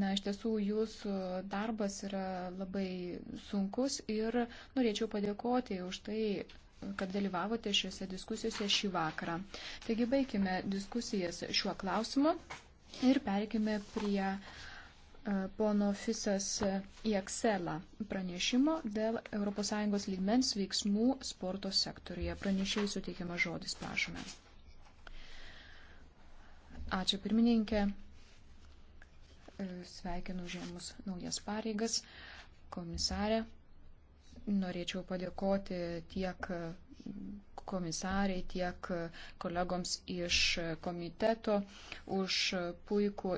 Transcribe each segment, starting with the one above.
Na, iš tiesų, jūsų darbas yra labai sunkus ir norėčiau padėkoti už tai, kad dalyvavote šiuose diskusijose šį vakarą. Taigi, baigime diskusijas šiuo klausimu ir perkime prie e, pono Fisas į Excelą pranešimo dėl ES lygmens veiksmų sporto sektoriuje. Pranešėjai suteikiamas žodis, prašome. Ačiū pirmininkė. E, sveikinu žemus naujas pareigas, komisarė. Norėčiau padėkoti tiek komisariai, tiek kolegoms iš komiteto už puikų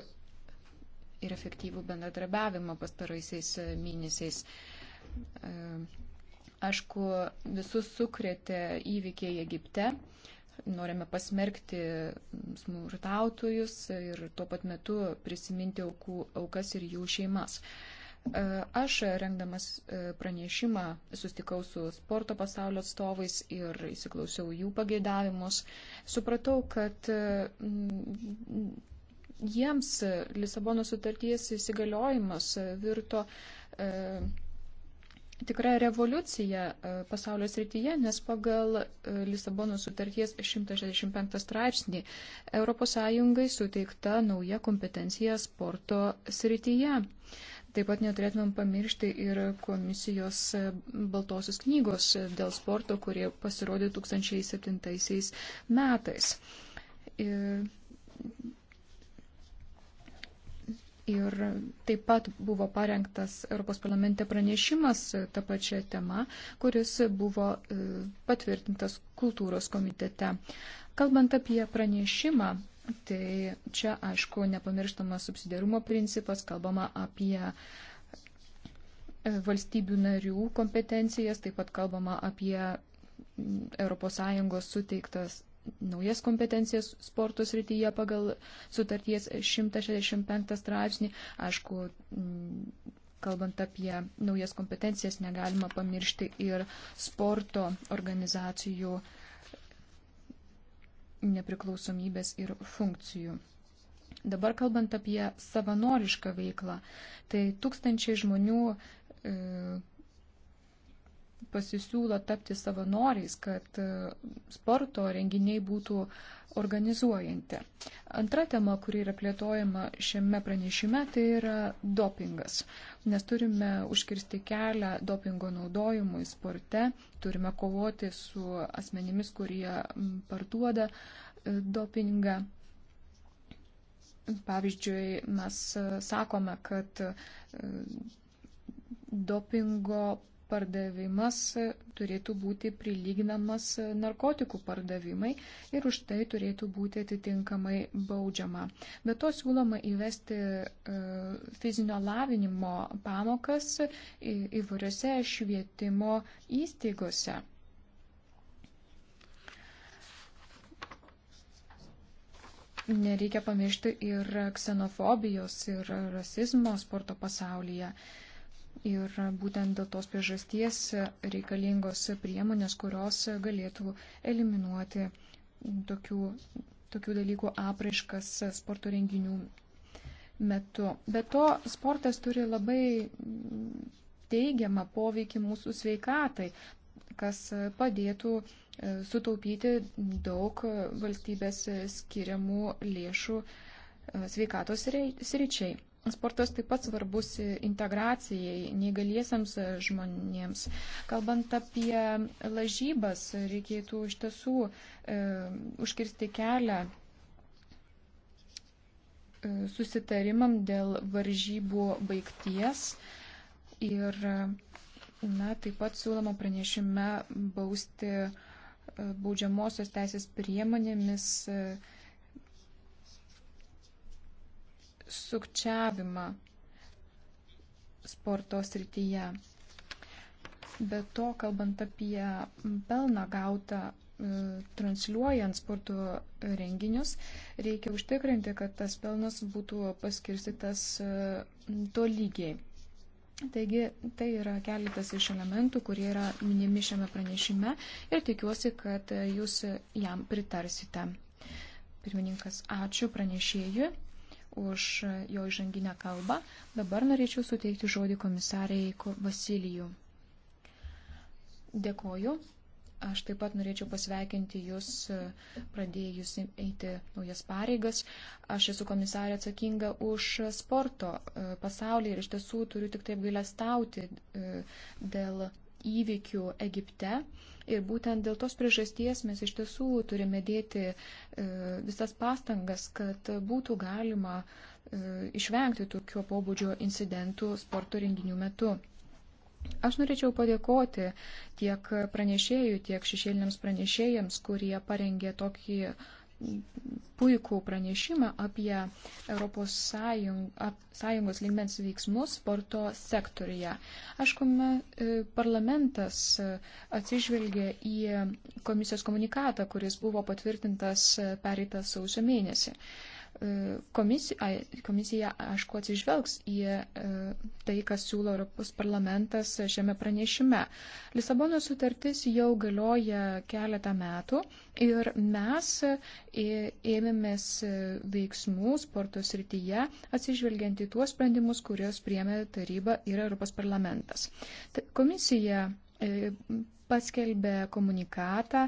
ir efektyvų bendradarbiavimą pastaraisiais mėnesiais. E, aišku, visus sukrėtė įvykiai Egipte. Norime pasmerkti smurtautojus ir tuo pat metu prisiminti aukų, aukas ir jų šeimas. E, aš rengdamas e, pranešimą sustikau su sporto pasaulio atstovais ir įsiklausiau jų pageidavimus. Supratau, kad e, jiems Lisabono sutarties įsigaliojimas virto tikra revoliucija e, pasaulio srityje, nes pagal e, Lisabono sutarties 165 straipsnį ES suteikta nauja kompetencija sporto srityje. Taip pat neturėtumėm pamiršti ir komisijos e, baltosios knygos dėl sporto, kurie pasirodė 2007 metais. Ir Ir taip pat buvo parengtas Europos parlamente pranešimas tą pačią temą, kuris buvo e, patvirtintas kultūros komitete. Kalbant apie pranešimą, tai čia, aišku, nepamirštamas subsidiarumo principas, kalbama apie e, valstybių narių kompetencijas, taip pat kalbama apie ES suteiktas naujas kompetencijas sporto srityje pagal sutarties 165 straipsnį. Aišku, mm, kalbant apie naujas kompetencijas, negalima pamiršti ir sporto organizacijų nepriklausomybės ir funkcijų. Dabar kalbant apie savanorišką veiklą, tai tūkstančiai žmonių e, pasisiūlo tapti savanoriais, kad e, sporto renginiai būtų organizuojanti. Antra tema, kuri yra plėtojama šiame pranešime, tai yra dopingas. Nes turime užkirsti kelią dopingo naudojimui sporte, turime kovoti su asmenimis, kurie parduoda e, dopingą. Pavyzdžiui, mes e, sakome, kad dopingo pardavimas turėtų būti prilyginamas narkotikų pardavimai ir už tai turėtų būti atitinkamai baudžiama. Be to siūloma įvesti e, fizinio lavinimo pamokas įvairiose švietimo įstaigose. Nereikia pamiršti ir ksenofobijos, ir rasizmo sporto pasaulyje. Uh, Ir būtent dėl tos priežasties reikalingos priemonės, kurios galėtų eliminuoti tokių, tokių dalykų apraiškas sporto renginių metu. Be to, sportas turi labai teigiamą poveikį mūsų sveikatai, kas padėtų e, sutaupyti daug valstybės skiriamų lėšų e, sveikatos sričiai. Sportas taip pat svarbus integracijai neįgaliesiams žmonėms. Kalbant apie lažybas, reikėtų iš tiesų e, užkirsti kelią e, susitarimam dėl varžybų baigties. Ir, na, taip pat siūloma pranešime bausti e, baudžiamosios teisės priemonėmis. E, sukčiavimą sporto srityje. Be to, kalbant apie pelną gautą e, transliuojant sporto renginius, reikia užtikrinti, kad tas pelnas būtų paskirstytas e, tolygiai. Taigi, tai yra keletas iš elementų, kurie yra minimi šiame pranešime ir tikiuosi, kad jūs jam pritarsite. Pirmininkas, ačiū pranešėjui už jo įžanginę kalbą. Dabar norėčiau suteikti žodį komisariai Vasilijų. Dėkoju. Aš taip pat norėčiau pasveikinti Jūs pradėjus eiti naujas pareigas. Aš esu komisarė atsakinga už sporto e, pasaulį ir iš tiesų turiu tik taip gailestauti e, dėl įvykių Egipte. Ir būtent dėl tos priežasties mes iš tiesų turime dėti e, visas pastangas, kad būtų galima e, išvengti tokio pobūdžio incidentų sporto renginių metu. Aš norėčiau padėkoti tiek pranešėjų, tiek šešėliniams pranešėjams, kurie parengė tokį puikų pranešimą apie Europos Sąjungos lygmens veiksmus sporto sektorija. Aišku, e, parlamentas e, atsižvelgė į komisijos komunikatą, kuris buvo patvirtintas e, pereitą sausio mėnesį. Komisija, komisija aišku, atsižvelgs į e, tai, kas siūlo Europos parlamentas šiame pranešime. Lisabono sutartis jau galioja keletą metų ir mes e, ėmėmės veiksmų sporto srityje atsižvelgiant į tuos sprendimus, kuriuos priemė taryba ir Europos parlamentas. Komisija e, paskelbė komunikatą,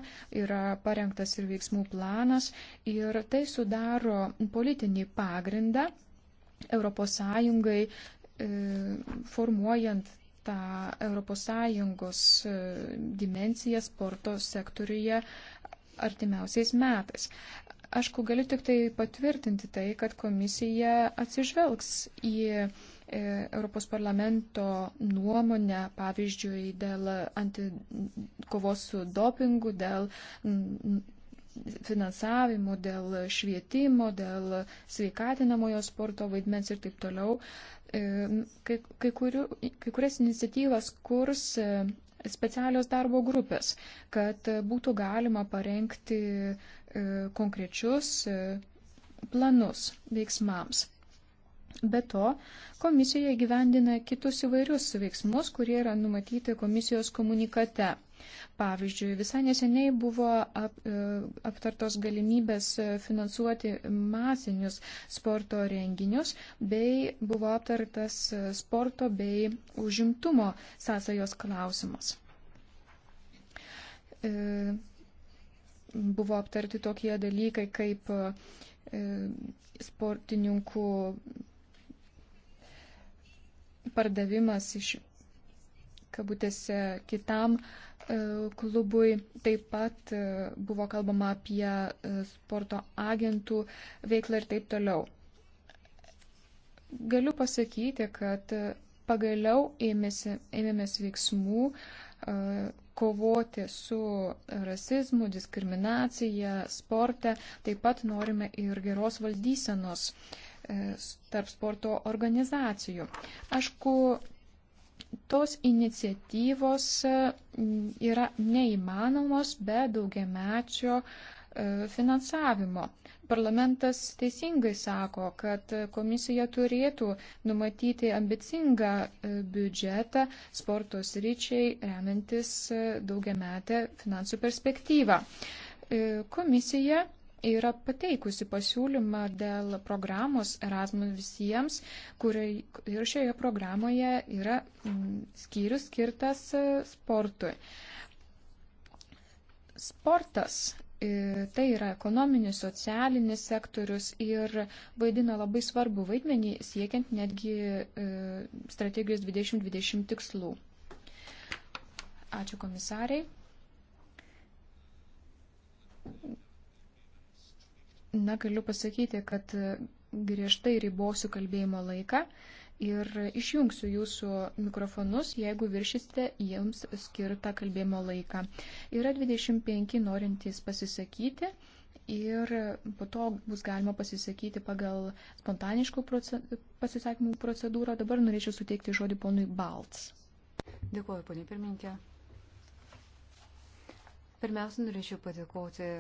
yra parengtas ir veiksmų planas ir tai sudaro politinį pagrindą ES e, formuojant tą ES e, dimenciją sporto sektoriuje artimiausiais metais. Aš galiu tik tai patvirtinti tai, kad komisija atsižvelgs į E, Europos parlamento nuomonę, pavyzdžiui, dėl anti, kovos su dopingu, dėl finansavimo, dėl švietimo, dėl sveikatinamojo sporto vaidmens ir taip toliau. E, kai, kai, kuriu, kai kurias iniciatyvas kurs e, specialios darbo grupės, kad būtų galima parengti konkrečius planus veiksmams. Be to, komisija gyvendina kitus įvairius veiksmus, kurie yra numatyti komisijos komunikate. Pavyzdžiui, visai neseniai buvo ap, e, aptartos galimybės finansuoti masinius sporto renginius, bei buvo aptartas sporto bei užimtumo sąsajos klausimas. E, buvo aptarti tokie dalykai kaip e, sportininkų pardavimas iš kabutėse kitam e, klubui. Taip pat e, buvo kalbama apie e, sporto agentų veiklą ir taip toliau. Galiu pasakyti, kad pagaliau ėmėsi, ėmėmės veiksmų kovoti su rasizmu, diskriminacija, sporte. Taip pat norime ir geros valdysenos. Uh, E, tarp sporto organizacijų. Aišku, tos iniciatyvos e, yra neįmanomos be daugiamečio e, finansavimo. Parlamentas teisingai sako, kad komisija turėtų numatyti ambicingą biudžetą sporto sričiai remiantis daugiametę finansų perspektyvą. Komisija yra pateikusi pasiūlymą dėl programos Erasmus visiems, kuriai ir šioje programoje yra mm, skyrius skirtas e, sportui. Sportas e, tai yra ekonominis, socialinis sektorius ir vaidina labai svarbu vaidmenį siekiant netgi e, strategijos 2020 tikslų. Ačiū komisariai. Na, galiu pasakyti, kad griežtai ribosiu kalbėjimo laiką ir išjungsiu jūsų mikrofonus, jeigu viršysite jums skirtą kalbėjimo laiką. Yra 25 norintys pasisakyti ir po to bus galima pasisakyti pagal spontaniškų proced... pasisakymų procedūrą. Dabar norėčiau suteikti žodį ponui Balts. Dėkuoju, ponė pirmininkė. Pirmiausia, norėčiau padėkoti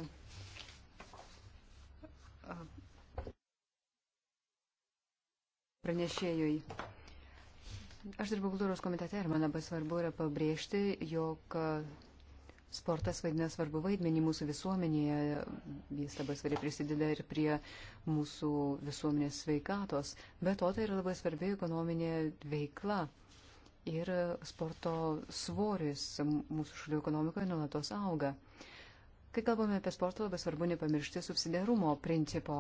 pranešėjui. Aš dirbu kultūros komitete ir man labai svarbu yra pabrėžti, jog sportas vaidina svarbu vaidmenį mūsų visuomenėje, jis labai svariai prisideda ir prie mūsų visuomenės sveikatos, bet o tai yra labai svarbi ekonominė veikla. Ir sporto svoris mūsų šalių ekonomikoje nuolatos auga. Uh, Kai kalbame apie sportą, labai svarbu nepamiršti subsidiarumo principo.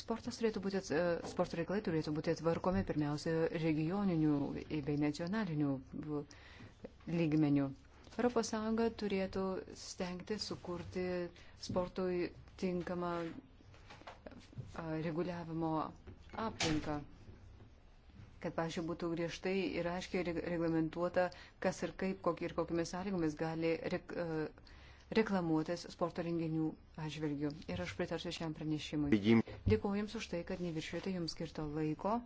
Sportas turėtų būti, e, sporto reikalai turėtų būti tvarkomi pirmiausia regioninių bei nacionalinių lygmenių. ES turėtų stengti sukurti sportui tinkamą reguliavimo aplinką kad, pažiūrėjau, būtų griežtai ir aiškiai reglamentuota, kas ir kaip kokį ir kokiamis sąlygomis gali rek, e, reklamuotis sporto renginių atžvilgių. Ir aš pritarsiu šiam pranešimui. Dėkuoju Jums už tai, kad neviršiuojate Jums skirto laiko.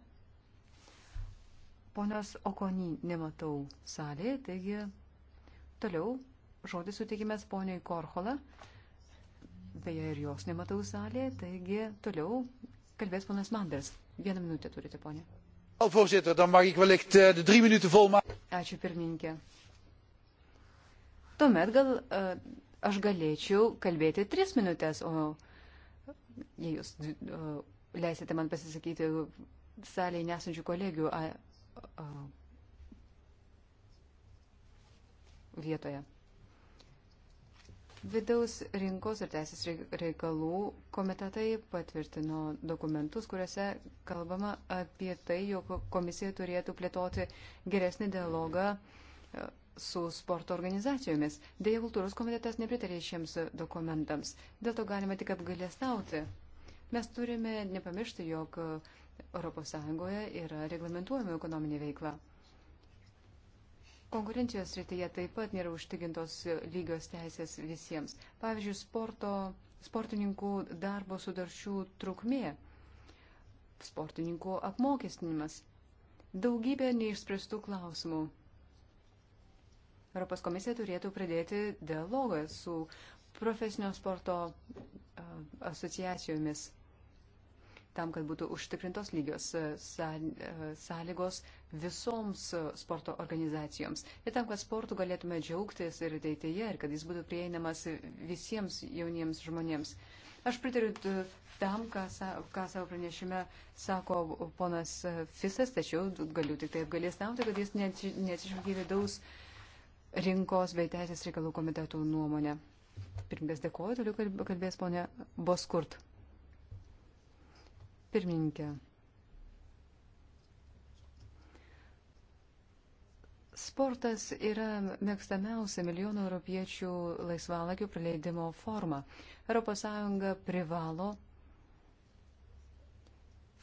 Ponios Okonį nematau salėje, taigi toliau žodį sutikimės poniai Korhola. Beje, ir jos nematau salėje, taigi toliau kalbės ponas Manders. Vieną minutę turite, ponė. Voorzitter, dan mag ik wellicht eh, de drie minuten volmaken. Ačiū pirmininkė. Tuomet gal eh, aš galėčiau kalbėti tris minutės, o jei jūs leisite man pasisakyti salėje nesančių kolegių a, a, vietoje. Vidaus rinkos ir teisės reikalų komitetai patvirtino dokumentus, kuriuose kalbama apie tai, jog komisija turėtų plėtoti geresnį dialogą e, su sporto organizacijomis. Deja, kultūros komitetas nepritarė šiems dokumentams. Dėl to galime tik apgailestauti. Mes turime nepamiršti, jog ES yra reglamentuojama ekonominė veikla. Konkurencijos rytyje taip pat nėra užtikintos lygios teisės visiems. Pavyzdžiui, sporto, sportininkų darbo sudaršių trukmė, sportininkų apmokestinimas. Daugybė neišspręstų klausimų. Europos komisija turėtų pradėti dialogą su profesinio sporto asociacijomis tam, kad būtų užtikrintos lygios e, e, sąlygos visoms e, sporto organizacijoms. Ir tam, kad sportų galėtume džiaugtis ir ateityje, ir kad jis būtų prieinamas visiems jauniems žmonėms. Aš pritariu tam, ką, ką savo pranešime sako ponas Fisas, tačiau galiu tik tai apgalėsnauti, kad jis neatsižvelgia vidaus rinkos bei teisės reikalų komitetų nuomonę. Pirmės dėkoju, toliau kalbės ponė Boskurt. Pirmininkė. Sportas yra mėgstamiausia milijonų europiečių laisvalaikių praleidimo forma. ES privalo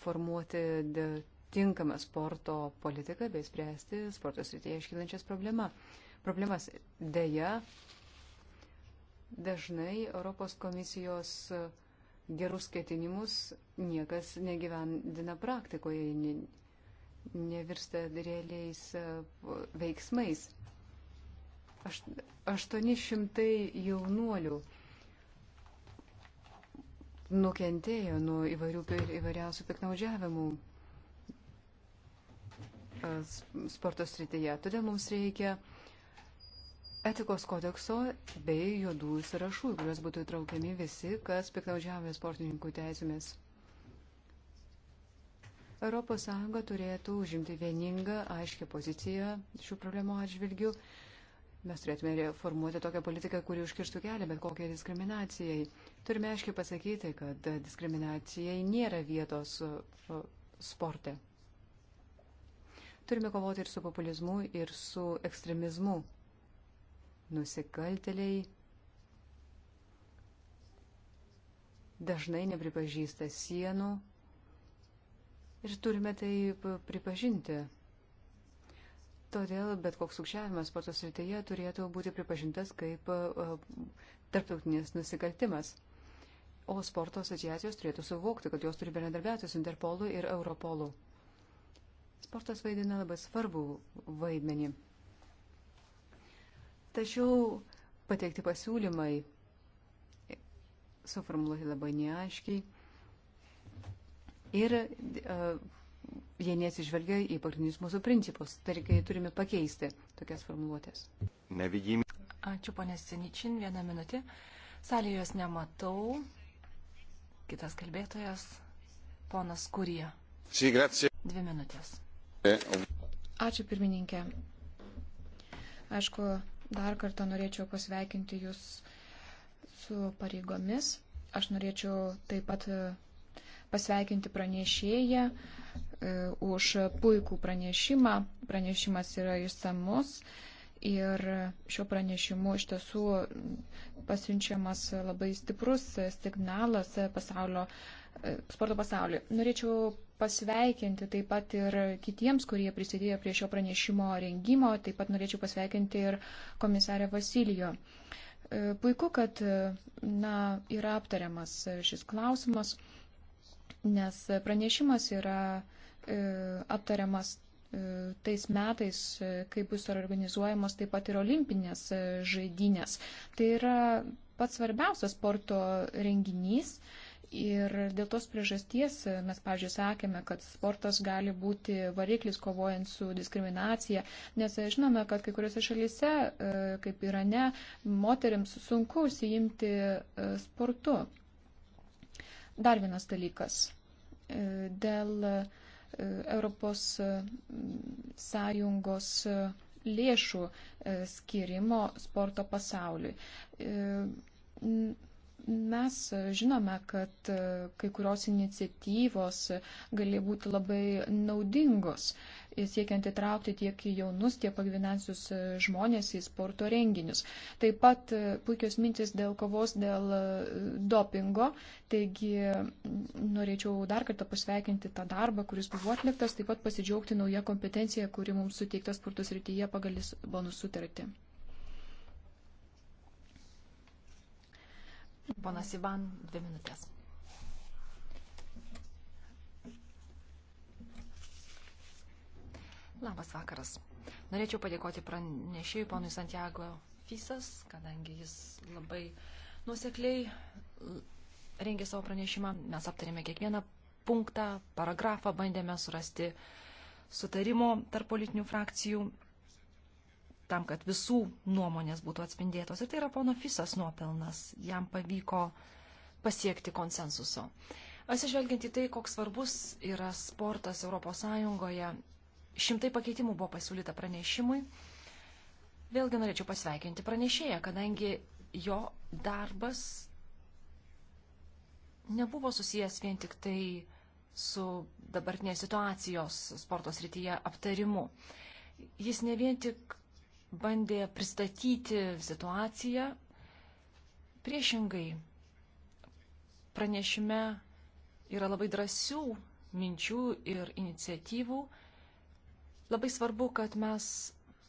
formuoti tinkamą sporto politiką bei spręsti sporto srityje iškilančias problema. problemas. Deja, dažnai Europos komisijos uh, gerus ketinimus niekas negyvendina praktikoje, ne, nevirsta realiais e, veiksmais. Aš, 800 jaunuolių nukentėjo nuo įvairių, įvairiausių piknaudžiavimų e, sporto srityje. Todėl mums reikia uh, etikos kodekso bei juodų sąrašų, kuriuos būtų įtraukiami visi, kas piknaudžiavė sportininkų teisėmis. ES turėtų užimti vieningą, aiškę poziciją šių problemų atžvilgių. Mes turėtume formuoti tokią politiką, kuri užkirstų kelią bet kokiai diskriminacijai. Turime aiškiai pasakyti, kad diskriminacijai nėra vietos uh, sporte. Turime kovoti ir su populizmu, ir su ekstremizmu nusikalteliai dažnai nepripažįsta sienų ir turime tai pripažinti. Todėl bet koks sukčiavimas sporto srityje turėtų būti pripažintas kaip tarptautinės nusikaltimas. O sporto asociacijos turėtų suvokti, kad jos turi bendradarbiauti su Interpolu ir Europolu. Sportas vaidina labai svarbų vaidmenį. Tačiau pateikti pasiūlymai suformuluoti labai neaiškiai ir uh, jie nesižvelgia į pagrindinius mūsų principus. Tarkai turime pakeisti tokias formuluotės. Nevidimi. Ačiū, ponė Seničin, vieną minutį. Salėje jos nematau. Kitas kalbėtojas, ponas Kurija. Dvi minutės. Eh, Ačiū, pirmininkė. Aišku, Dar kartą norėčiau pasveikinti Jūs su pareigomis. Aš norėčiau taip pat e, pasveikinti pranešėją e, už puikų pranešimą. Pranešimas yra išsamus Ir šiuo pranešimu iš tiesų pasiunčiamas labai stiprus signalas pasaulio, sporto pasauliu. Norėčiau pasveikinti taip pat ir kitiems, kurie prisidėjo prie šio pranešimo rengimo, taip pat norėčiau pasveikinti ir komisarę Vasilijo. Puiku, kad na, yra aptariamas šis klausimas, nes pranešimas yra e, aptariamas E, tais metais, e, kai bus organizuojamos taip pat ir olimpinės e, žaidynės. Tai yra pats svarbiausias sporto renginys. Ir dėl tos priežasties mes, pavyzdžiui, sakėme, kad sportas gali būti variklis kovojant su diskriminacija, nes žinome, kad kai kuriuose šalyse, kaip Irane, moteriams sunku užsiimti sportu. Dar vienas dalykas. Dėl Europos mm, Sąjungos mm, lėšų mm, skirimo sporto pasauliui. E, Mes žinome, kad e, kai kurios iniciatyvos gali būti labai naudingos, e, siekiant įtraukti tiek jaunus, tiek pagyvenansius e, žmonės į sporto renginius. Taip pat puikios mintis dėl kovos dėl dopingo, taigi norėčiau dar kartą pasveikinti tą darbą, kuris buvo atliktas, taip pat pasidžiaugti naują kompetenciją, kuri mums suteikta sporto srityje pagal Lisbonų sutartį. Ponas Ivan, dvi minutės. Labas vakaras. Norėčiau padėkoti pranešėjui ponui Santiago Fisas, kadangi jis labai nusekliai e, rengė savo pranešimą. Mes aptarėme kiekvieną punktą, paragrafą, bandėme surasti sutarimo tarp politinių frakcijų tam, kad visų nuomonės būtų atspindėtos. Ir tai yra pono Fisas nuopelnas. Jam pavyko pasiekti konsensuso. Atsižvelgiant į tai, koks svarbus yra sportas ES, šimtai pakeitimų buvo pasiūlyta pranešimui. Vėlgi norėčiau pasveikinti pranešėją, kadangi jo darbas nebuvo susijęs vien tik tai su dabartinės situacijos sporto srityje aptarimu. Jis ne vien tik bandė pristatyti situaciją. Priešingai, pranešime yra labai drąsių minčių ir iniciatyvų. Labai svarbu, kad mes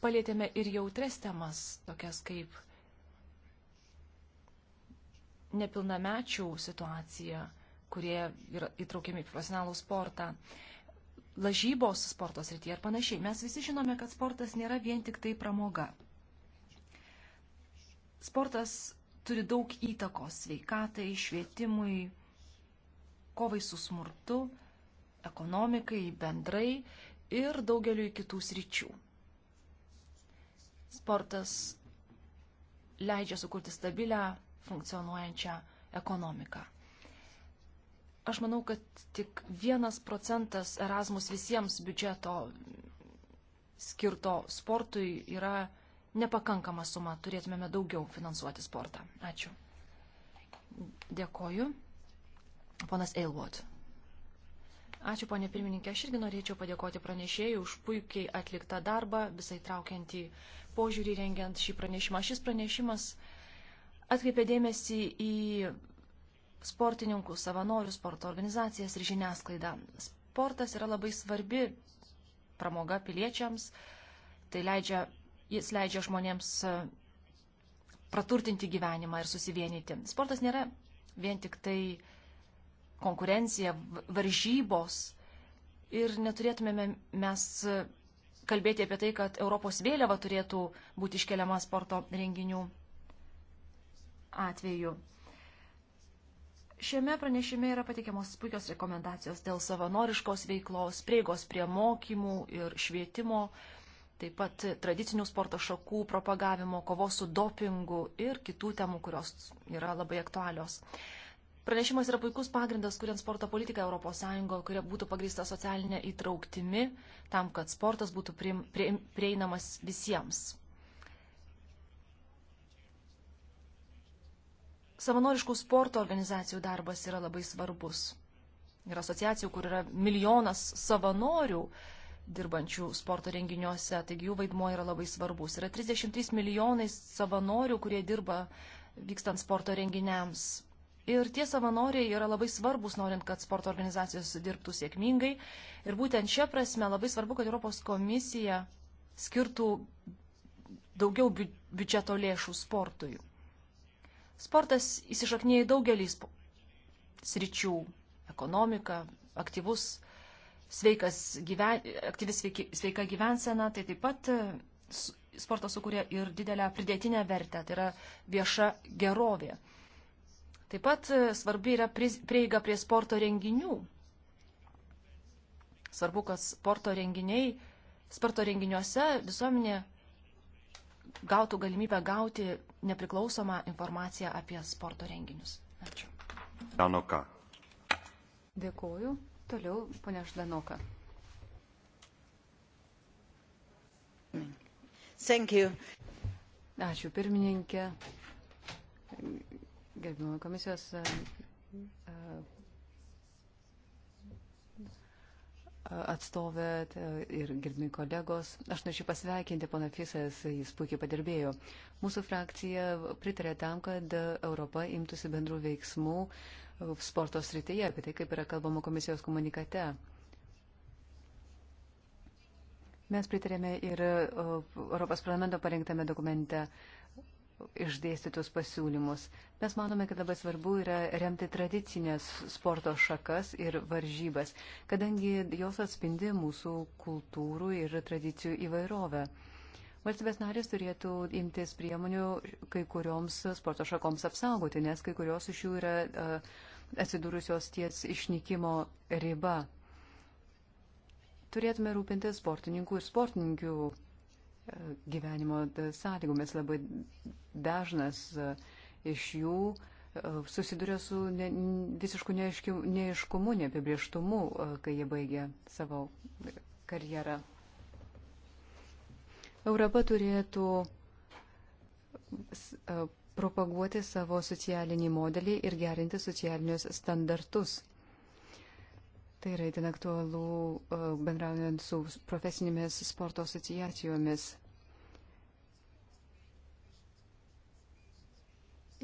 palėtėme ir jautres temas, tokias kaip nepilnamečių situacija, kurie yra įtraukiami į profesionalų sportą lažybos sporto srityje ir panašiai. Mes visi žinome, kad sportas nėra vien tik tai pramoga. Sportas turi daug įtakos sveikatai, švietimui, kovai su smurtu, ekonomikai bendrai ir daugeliu kitų sričių. Sportas leidžia sukurti stabilę, funkcionuojančią ekonomiką. Aš manau, kad tik vienas procentas Erasmus visiems biudžeto skirto sportui yra nepakankama suma. Turėtumėme daugiau finansuoti sportą. Ačiū. Dėkoju. Ponas Eilvot. Ačiū, ponė pirmininkė. Aš irgi norėčiau padėkoti pranešėjai už puikiai atliktą darbą, visai traukiantį požiūrį rengiant šį pranešimą. Šis pranešimas atkreipė dėmesį į sportininkus, savanorius, sporto organizacijas ir žiniasklaidą. Sportas yra labai svarbi pramoga piliečiams, tai leidžia, jis leidžia žmonėms e, praturtinti gyvenimą ir susivienyti. Sportas nėra vien tik tai konkurencija, varžybos ir neturėtumėme mes e, kalbėti apie tai, kad Europos vėliava turėtų būti iškeliama sporto renginių atveju. Šiame pranešime yra pateikiamos puikios rekomendacijos dėl savanoriškos veiklos, prieigos prie mokymų ir švietimo, taip pat tradicinių sporto šakų propagavimo, kovos su dopingu ir kitų temų, kurios yra labai aktualios. Pranešimas yra puikus pagrindas, kuriant sporto politiką ES, kuria būtų pagrįsta socialinė įtrauktimi, tam, kad sportas būtų prieinamas visiems. Savanoriškų sporto organizacijų darbas yra labai svarbus. Yra asociacijų, kur yra milijonas savanorių dirbančių sporto renginiuose, taigi jų vaidmuo yra labai svarbus. Yra 33 milijonai savanorių, kurie dirba vykstant sporto renginiams. Ir tie savanoriai yra labai svarbus, norint, kad sporto organizacijos dirbtų sėkmingai. Ir būtent šia prasme labai svarbu, kad Europos komisija skirtų daugiau biudžeto lėšų sportui. Sportas įsišaknyja į daugelį sričių - ekonomika, aktyvus, sveikas gyven, aktyvi sveiki, sveika gyvensena, tai taip pat e, sportas sukuria ir didelę pridėtinę vertę, tai yra vieša gerovė. Taip pat e, svarbi yra prieiga prie sporto renginių. Svarbu, kad sporto renginiai, sporto renginiuose visuomenė gautų galimybę gauti nepriklausomą informaciją apie sporto renginius. Ačiū. Danoka. Dėkuoju. Toliau ponia Ždanoka. Thank you. Ačiū pirmininkė. Gerbimo komisijos atstovė e, ir girdimi kolegos. Aš norėčiau pasveikinti pana Fisas, jis puikiai padirbėjo. Mūsų frakcija pritarė tam, kad Europa imtųsi bendrų veiksmų e, sporto srityje, apie tai kaip yra kalbama komisijos komunikate. Mes pritarėme ir e, Europos parlamento parengtame dokumente išdėstytus pasiūlymus. Mes manome, kad labai svarbu yra remti tradicinės sporto šakas ir varžybas, kadangi jos atspindi mūsų kultūrų ir tradicijų įvairovę. Valstybės narės turėtų imtis priemonių kai kurioms sporto šakoms apsaugoti, nes kai kurios iš jų yra atsidūrusios ties išnykimo riba. Turėtume rūpinti sportininkų ir sportininkių gyvenimo sąlygomis. Labai dažnas e, iš jų e, susiduria su ne, visišku neaiškumu, neapibrieštumu, e, kai jie baigia savo karjerą. Europa turėtų propaguoti savo socialinį modelį ir gerinti socialinius standartus. Tai yra itin aktualu e, bendraujant su profesinėmis sporto asociacijomis.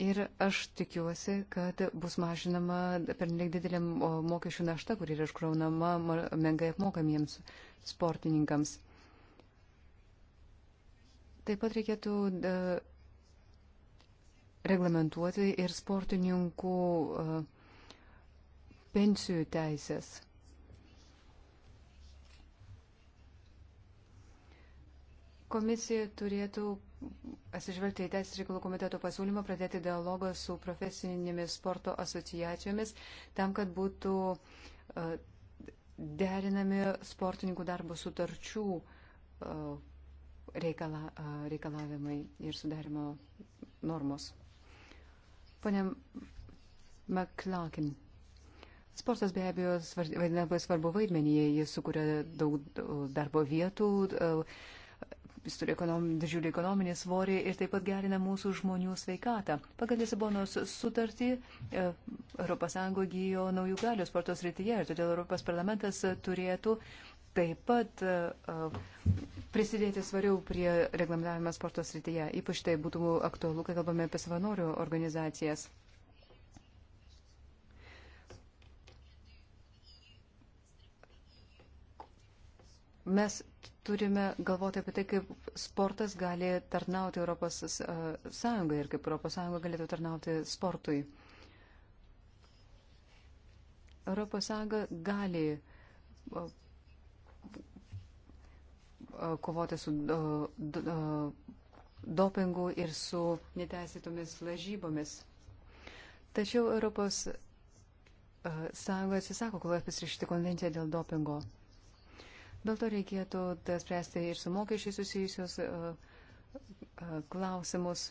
Ir aš tikiuosi, kad bus mažinama per nelik didelė mokesčių našta, kur yra iškraunama menkai apmokamiems sportininkams. Taip pat reikėtų e, reglamentuoti ir sportininkų uh, pensijų teisės. Komisija turėtų atsižvelgti į Teisės reikalų komiteto pasiūlymą pradėti dialogą su profesinėmis sporto asociacijomis tam, kad būtų derinami sportininkų darbo sutarčių reikala, reikalavimai ir sudarimo normos. Pone McLaughlin. Sportas be abejo vaidina labai svarbu vaidmenį, jis sukuria daug darbo vietų, e, jis turi ekonom, didžiulį ekonominį svorį ir taip pat gerina mūsų žmonių sveikatą. Pagal Lisabonos sutartį ES gyjo naujų galių sporto srityje ir todėl Europos parlamentas turėtų taip pat e, e, prisidėti svariau prie reglamentavimo sporto srityje. Ypač tai būtų aktualu, kai kalbame apie savanorių organizacijas. Mes turime galvoti apie tai, kaip sportas gali tarnauti Europos Sąjungai ir kaip Europos Sąjunga galėtų tarnauti sportui. Europos Sąjunga gali kovoti su dopingu ir su neteisėtomis lažybomis. Tačiau Europos Sąjunga atsisako, kol apisrišti konvenciją dėl dopingo. Dėl to reikėtų spręsti ir su mokesčiai susijusios e, e, klausimus,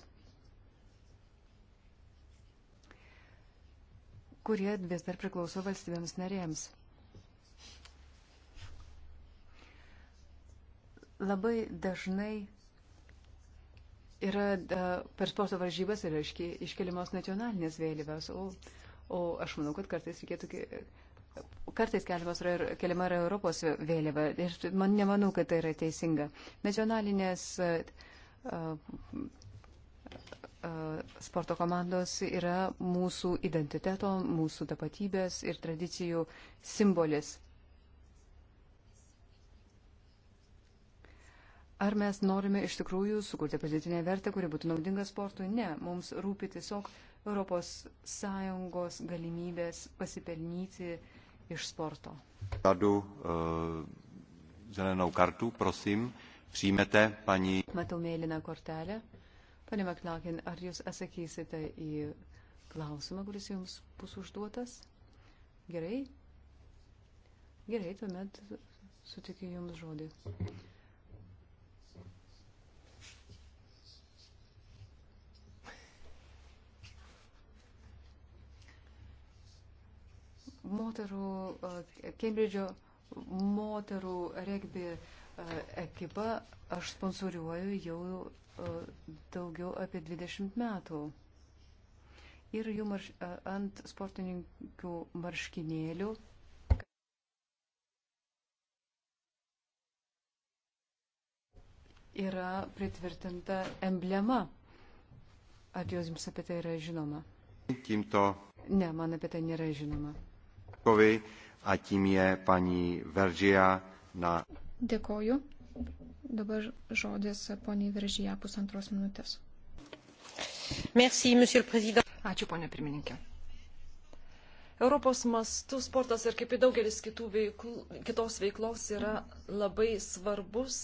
kurie vis dar priklauso valstybėms narėms. Labai dažnai yra e, per sporto varžybas yra iškeliamos nacionalinės vėliavos, o, o aš manau, kad kartais reikėtų kartais keliamos yra ir keliama yra Europos vėliava. Ir man nemanau, kad tai yra teisinga. Nacionalinės e, e, e, sporto komandos yra mūsų identiteto, mūsų tapatybės ir tradicijų simbolis. Ar mes norime iš tikrųjų sukurti pozitinę vertę, kuri būtų naudinga sportui? Ne, mums rūpi tiesiog ES galimybės pasipelnyti uh, iš sporto. Radu, uh, eh, zelenou kartu, prosim, přijmete paní. Matau mėlyną kortelę. Pane Maklakin, ar jūs atsakysite į klausimą, kuris jums bus užduotas? Gerai? Gerai, tuomet sutikiu jums žodį. moterų, Kembridžio moterų regbi ekipą aš sponsoriuoju jau daugiau apie 20 metų. Ir jų marš, ant sportininkų marškinėlių yra pritvirtinta emblema. Ar jūs jums apie tai yra žinoma? Kimto. Ne, man apie tai nėra žinoma. Kovi a tím je paní Veržia na. Dėkoju. Dabar žodis poniai Veržija pusantros minutės. Merci, Ačiū, ponė pirmininkė. Europos mastų sportas ir kaip ir daugelis veikl, kitos veiklos yra labai svarbus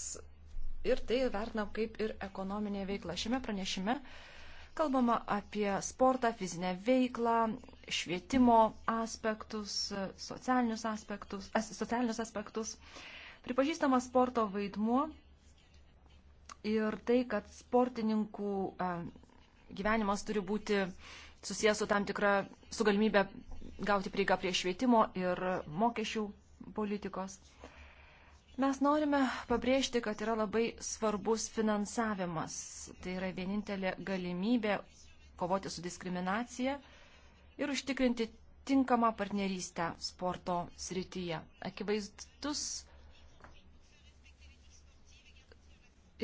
ir tai vertinam kaip ir ekonominė veikla. Šiame pranešime kalbama apie sportą, fizinę veiklą, švietimo aspektus, socialinius aspektus, as, socialinius aspektus. Pripažįstamas sporto vaidmuo ir tai, kad sportininkų a, e, gyvenimas turi būti susijęs su tam tikra, su galimybė gauti prieigą prie švietimo ir mokesčių politikos. Mes norime pabrėžti, kad yra labai svarbus finansavimas. Tai yra vienintelė galimybė kovoti su diskriminacija ir užtikrinti tinkamą partnerystę sporto srityje. Akivaizdus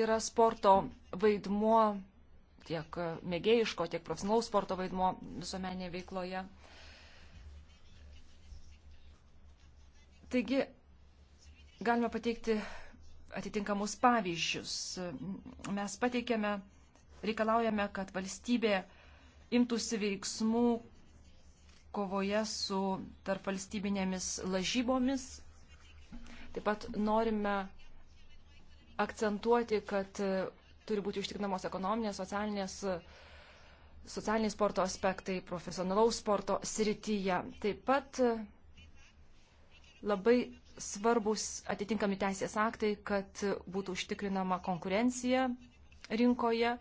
yra sporto vaidmuo, tiek mėgėjiško, tiek profesionalaus sporto vaidmuo visuomenėje veikloje. Taigi, galime pateikti atitinkamus pavyzdžius. Mes pateikėme, reikalaujame, kad valstybė imtųsi veiksmų, kovoje su tarpvalstybinėmis lažybomis. Taip pat norime akcentuoti, kad turi būti užtikrinamos ekonominės, socialinės, socialiniai sporto aspektai profesionalaus sporto srityje. Taip pat labai svarbus atitinkami teisės aktai, kad būtų užtikrinama konkurencija rinkoje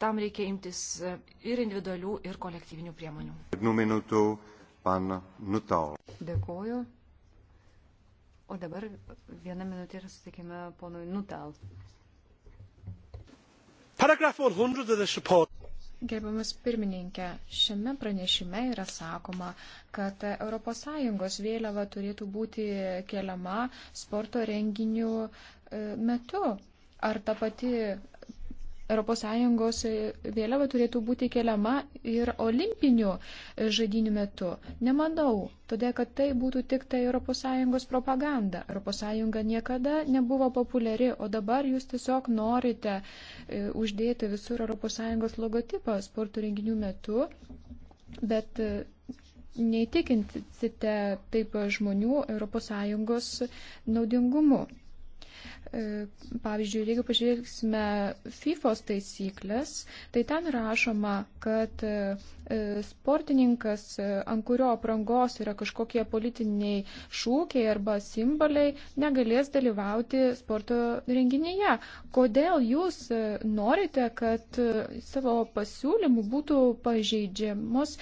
Tam reikia imtis e, ir individualių, ir kolektyvinių priemonių. Minutų, Dėkoju. O dabar vieną minutę ir sutikime ponui Nutal. Paragraf 100 of this report. Gerbiamas pirmininkė, šiame pranešime yra sakoma, kad ES vėliava turėtų būti keliama sporto renginių e, metu. Ar ta pati ES e, vėliava turėtų būti keliama ir olimpinių e, žaidinių metu. Nemanau, todėl kad tai būtų tik tai ES propaganda. ES niekada nebuvo populiari, o dabar jūs tiesiog norite e, uždėti visur ES logotipą sporto renginių metu, bet neįtikinsite taip žmonių ES naudingumu. E, pavyzdžiui, jeigu pažiūrėsime FIFOS taisyklės, tai ten rašoma, kad e, e, sportininkas, ant kurio aprangos yra kažkokie politiniai šūkiai arba simboliai, negalės dalyvauti sporto renginyje. Kodėl jūs norite, kad savo pasiūlymų būtų pažeidžiamos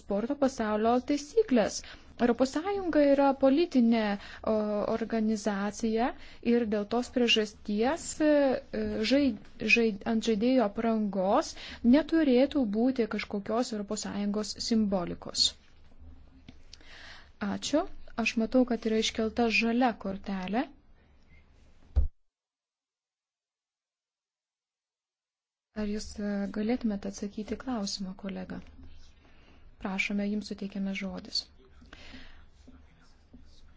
sporto pasaulio taisyklės? ES yra politinė organizacija ir dėl tos priežasties e, žaid, žaid, ant žaidėjo aprangos neturėtų būti kažkokios ES simbolikos. Ačiū. Aš matau, kad yra iškelta žalia kortelė. Ar jūs e, galėtumėte atsakyti klausimą, kolega? Prašome, jums suteikiame žodis.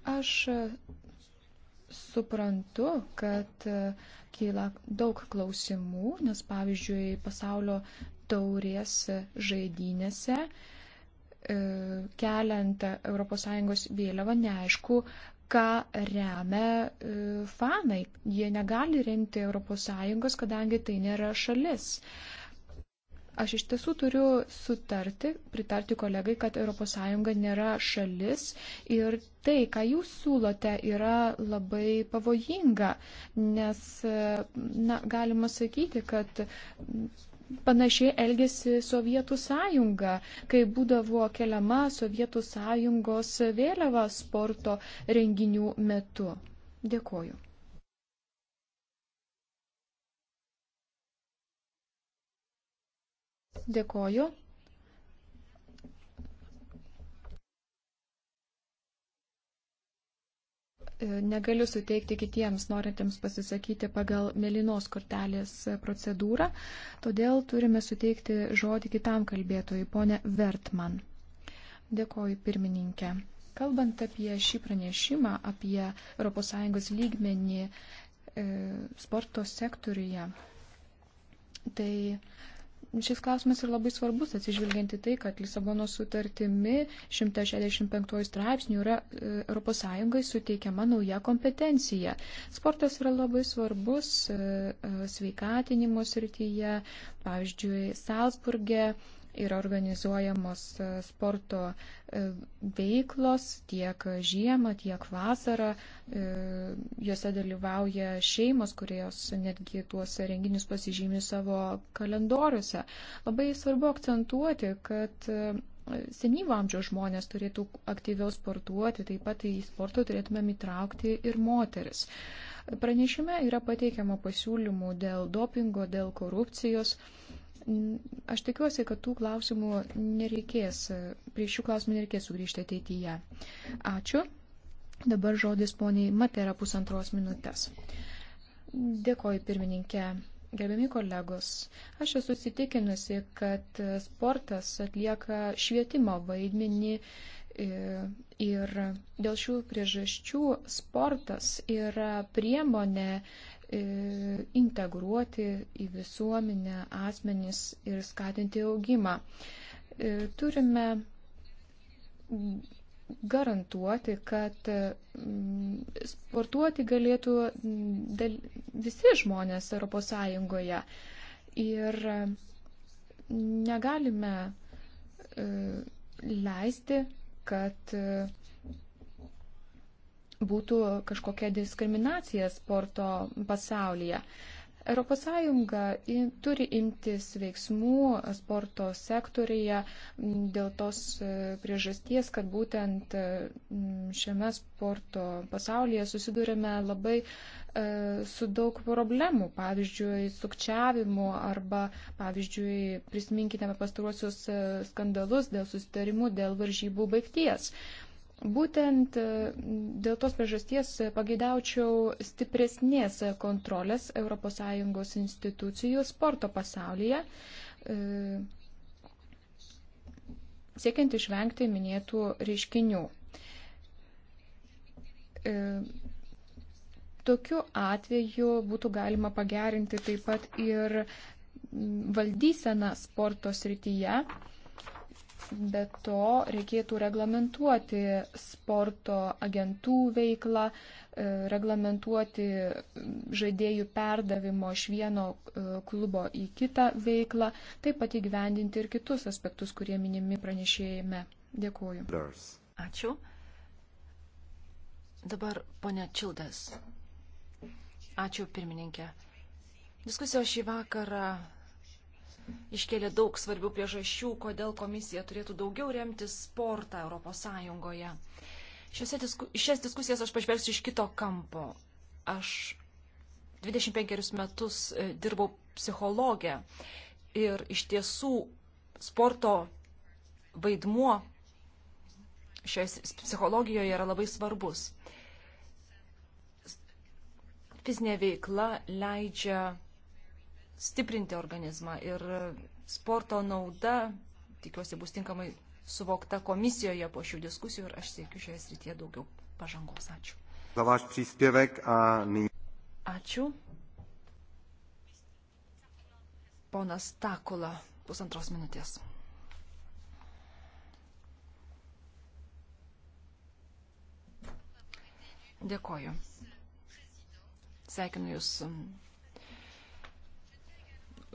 Aš suprantu, kad kyla daug klausimų, nes pavyzdžiui, pasaulio taurės žaidynėse e, keliant ES vėliavą neaišku, ką remia e, fanai. Jie negali remti ES, kadangi tai nėra šalis. Aš iš tiesų turiu sutarti, pritarti kolegai, kad ES nėra šalis ir tai, ką jūs siūlote, yra labai pavojinga, nes na, galima sakyti, kad panašiai elgėsi Sovietų sąjunga, kai būdavo keliama Sovietų sąjungos vėliava sporto renginių metu. Dėkoju. Dėkoju. E, negaliu suteikti kitiems norintiems pasisakyti pagal mėlynos kortelės procedūrą, todėl turime suteikti žodį kitam kalbėtojui, ponė Vertman. Dėkoju pirmininkė. Kalbant apie šį pranešimą, apie ES lygmenį e, sporto sektoriuje, tai e, šis klausimas yra labai svarbus atsižvelgianti tai, kad Lisabono sutartimi 165 straipsnių yra ES suteikiama nauja kompetencija. Sportas yra labai svarbus e, e, sveikatinimo srityje, pavyzdžiui, Salzburgė. E yra organizuojamos e, sporto e, veiklos tiek žiemą, tiek vasarą. E, jose dalyvauja šeimos, kurios netgi tuos renginius pasižymi savo kalendoriuose. Labai svarbu akcentuoti, kad senyvo amžiaus žmonės turėtų aktyviau sportuoti, taip pat į sportą turėtumėm įtraukti ir moteris. Pranešime yra pateikiama pasiūlymų dėl dopingo, dėl korupcijos. Aš tikiuosi, kad tų klausimų nereikės, prie šių klausimų nereikės sugrįžti ateityje. Ačiū. Dabar žodis poniai Matera pusantros minutės. Dėkoju pirmininkė. Gerbiami kolegos, aš esu įsitikinusi, kad sportas atlieka švietimo vaidmenį e, ir dėl šių priežasčių sportas yra priemonė E, integruoti į visuomenę asmenis ir skatinti augimą. E, turime garantuoti, kad mm, sportuoti galėtų mm, visi žmonės ES. Ir mm, negalime e, leisti, kad būtų kažkokia diskriminacija sporto pasaulyje. ES turi imtis veiksmų sporto sektorija dėl tos e, priežasties, kad būtent e, šiame sporto pasaulyje susidurime labai e, su daug problemų, pavyzdžiui, sukčiavimu arba, pavyzdžiui, prisiminkite pastaruosius skandalus dėl susitarimų, dėl varžybų baigties. Būtent e, dėl tos priežasties pageidaučiau stipresnės kontrolės ES institucijų sporto pasaulyje, e, siekiant išvengti minėtų reiškinių. E, tokiu atveju būtų galima pagerinti taip pat ir valdyseną sporto srityje Be to reikėtų reglamentuoti sporto agentų veiklą, e, reglamentuoti žaidėjų perdavimo iš vieno e, klubo į kitą veiklą, taip pat įgyvendinti ir kitus aspektus, kurie minimi pranešėjime. Dėkuoju. Ačiū. Dabar ponia Čildas. Ačiū pirmininkė. Diskusijos šį vakarą iškėlė daug svarbių priežasčių, kodėl komisija turėtų daugiau remti sportą ES. Disku, šias diskusijas aš pažvelgsiu iš kito kampo. Aš 25 metus e, dirbau psichologę ir iš tiesų sporto vaidmuo šioje psichologijoje yra labai svarbus. Fizinė veikla leidžia stiprinti organizmą ir sporto nauda, tikiuosi, bus tinkamai suvokta komisijoje po šių diskusijų ir aš siekiu šioje srityje daugiau pažangos. Ačiū. Ačiū. Ponas Takula, pusantros minutės. Dėkoju. Sveikinu Jūs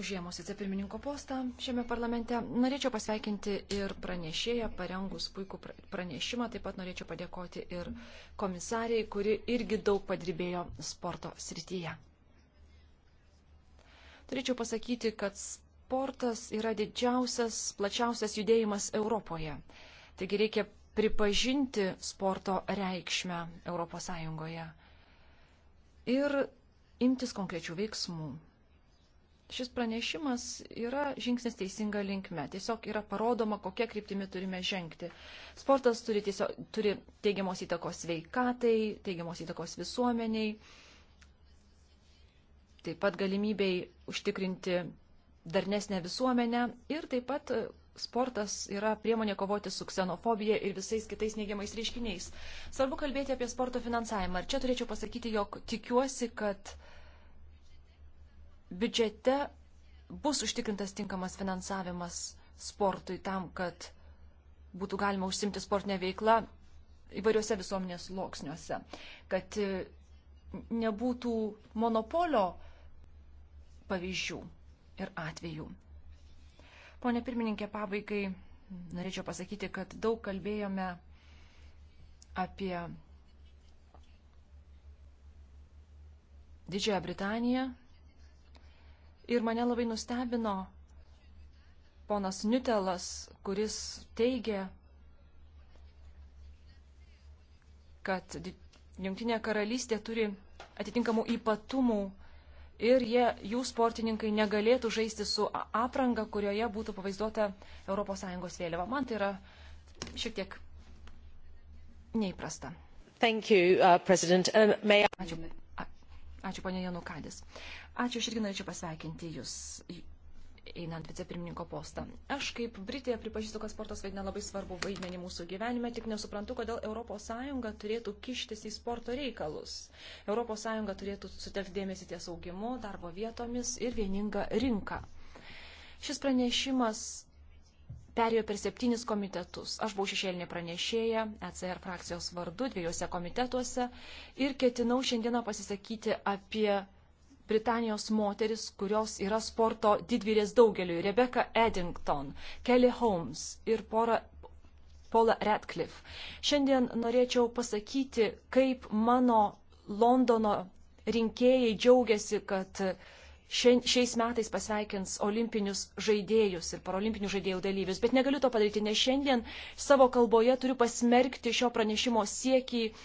užėmus vicepirmininko postą šiame parlamente. Norėčiau pasveikinti ir pranešėją, parengus puikų pranešimą. Taip pat norėčiau padėkoti ir komisariai, kuri irgi daug padirbėjo sporto srityje. Turėčiau pasakyti, kad sportas yra didžiausias, plačiausias judėjimas Europoje. Taigi reikia pripažinti sporto reikšmę ES ir imtis konkrečių veiksmų. Šis pranešimas yra žingsnis teisinga linkme. Tiesiog yra parodoma, kokia kryptimi turime žengti. Sportas turi, tiesiog, turi teigiamos įtakos sveikatai, teigiamos įtakos visuomeniai, taip pat galimybei užtikrinti darnesnę visuomenę ir taip pat e, sportas yra priemonė kovoti su ksenofobija ir visais kitais neigiamais reiškiniais. Svarbu kalbėti apie sporto finansavimą. Ir čia turėčiau pasakyti, jog tikiuosi, kad uh, biudžete bus užtikrintas tinkamas finansavimas sportui tam, kad būtų galima užsimti sportinę veiklą įvairiuose visuomenės sluoksniuose, kad e, nebūtų monopolio pavyzdžių ir atvejų. Pone pirmininkė, pabaigai norėčiau pasakyti, kad daug kalbėjome apie Didžiąją Britaniją Ir mane labai nustebino ponas Niutelas, kuris teigė, kad Junktinė karalystė turi atitinkamų ypatumų ir jie, jų sportininkai negalėtų žaisti su apranga, kurioje būtų pavaizduota ES vėliava. Man tai yra šiek tiek neįprasta. Thank you, uh, President. Um, may I... Ačiū, ačiū ponė Janukadis. Ačiū, aš irgi norėčiau pasveikinti Jūs einant vicepirmininko postą. Aš kaip Britija pripažįstu, kad sportas vaidina labai svarbu vaidmenį mūsų gyvenime, tik nesuprantu, kodėl ES turėtų kištis į sporto reikalus. ES turėtų sutelkti dėmesį ties augimu, darbo vietomis ir vieningą rinką. Šis pranešimas perėjo per septynis komitetus. Aš buvau šešėlinė pranešėja ECR frakcijos vardu dviejose komitetuose ir ketinau šiandieną pasisakyti apie Britanijos moteris, kurios yra sporto didvyrės daugeliu - Rebecca Eddington, Kelly Holmes ir pora Paula Radcliffe. Šiandien norėčiau pasakyti, kaip mano Londono rinkėjai džiaugiasi, kad šiais metais pasveikins olimpinius žaidėjus ir parolimpinių žaidėjų dalyvius. Bet negaliu to padaryti, nes šiandien savo kalboje turiu pasmerkti šio pranešimo siekį uh,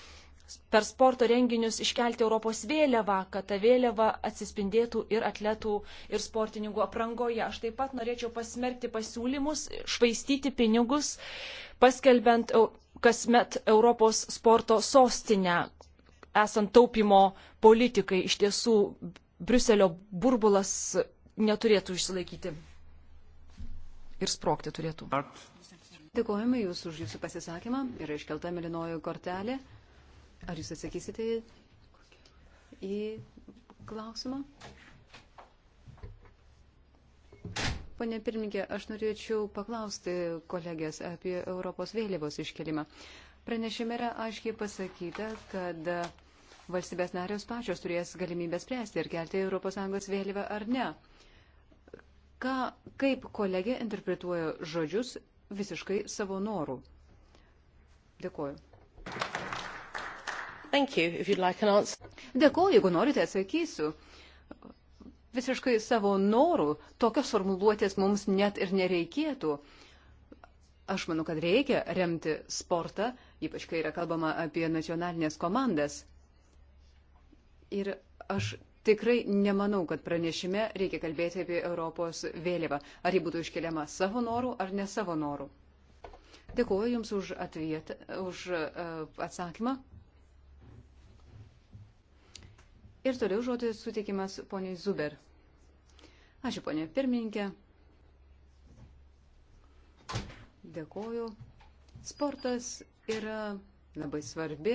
per sporto renginius iškelti Europos vėliavą, kad ta vėliava atsispindėtų ir atletų, ir sportininkų aprangoje. Aš taip pat norėčiau pasmerkti pasiūlymus, švaistyti pinigus, paskelbent kasmet Europos sporto sostinę, esant taupimo politikai. Iš tiesų, Briuselio burbulas neturėtų išsilaikyti ir sprokti turėtų. Dėkojame Jūs už Jūsų pasisakymą. Yra iškelta melinojo kortelė. Ar jūs atsakysite į klausimą? Pone pirmininkė, aš norėčiau paklausti kolegės apie Europos vėliavos iškelimą. Pranešime yra aiškiai pasakyta, kad valstybės narės pačios turės galimybę spręsti ir kelti ES vėliavą ar ne. Ką, kaip kolegė interpretuoja žodžius visiškai savo norų? Dėkuoju. Like an Dėkuoju, jeigu norite, atsakysiu. Visiškai savo norų tokios formuluotės mums net ir nereikėtų. Aš manau, kad reikia remti sportą, ypač kai yra kalbama apie nacionalinės komandas. Ir aš tikrai nemanau, kad pranešime reikia kalbėti apie Europos vėliavą, ar ji būtų iškeliama savo norų ar ne savo norų. Dėkuoju Jums už, atvietą, už uh, atsakymą. Ir toliau žodis sutikimas poniai Zuber. Ačiū, ponė pirmininkė. Dėkoju. Sportas yra labai svarbi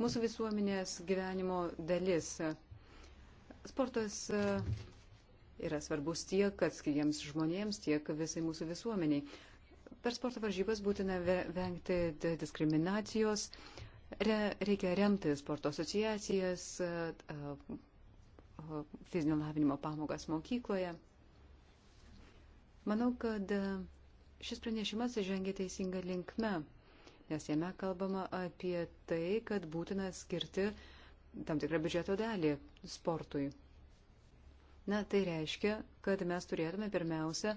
mūsų visuomenės gyvenimo dalis. Sportas e, yra svarbus tiek atskiriems žmonėms, tiek visai mūsų visuomeniai. Per sporto varžybas būtina vengti diskriminacijos, uh, re, reikia remti sporto asociacijas, fizinio lavinimo pamokas mokykloje. Manau, kad šis pranešimas žengia teisinga linkme, nes jame kalbama apie tai, kad būtina skirti tam tikrą biudžeto dalį sportui. Na, tai reiškia, kad mes turėtume pirmiausia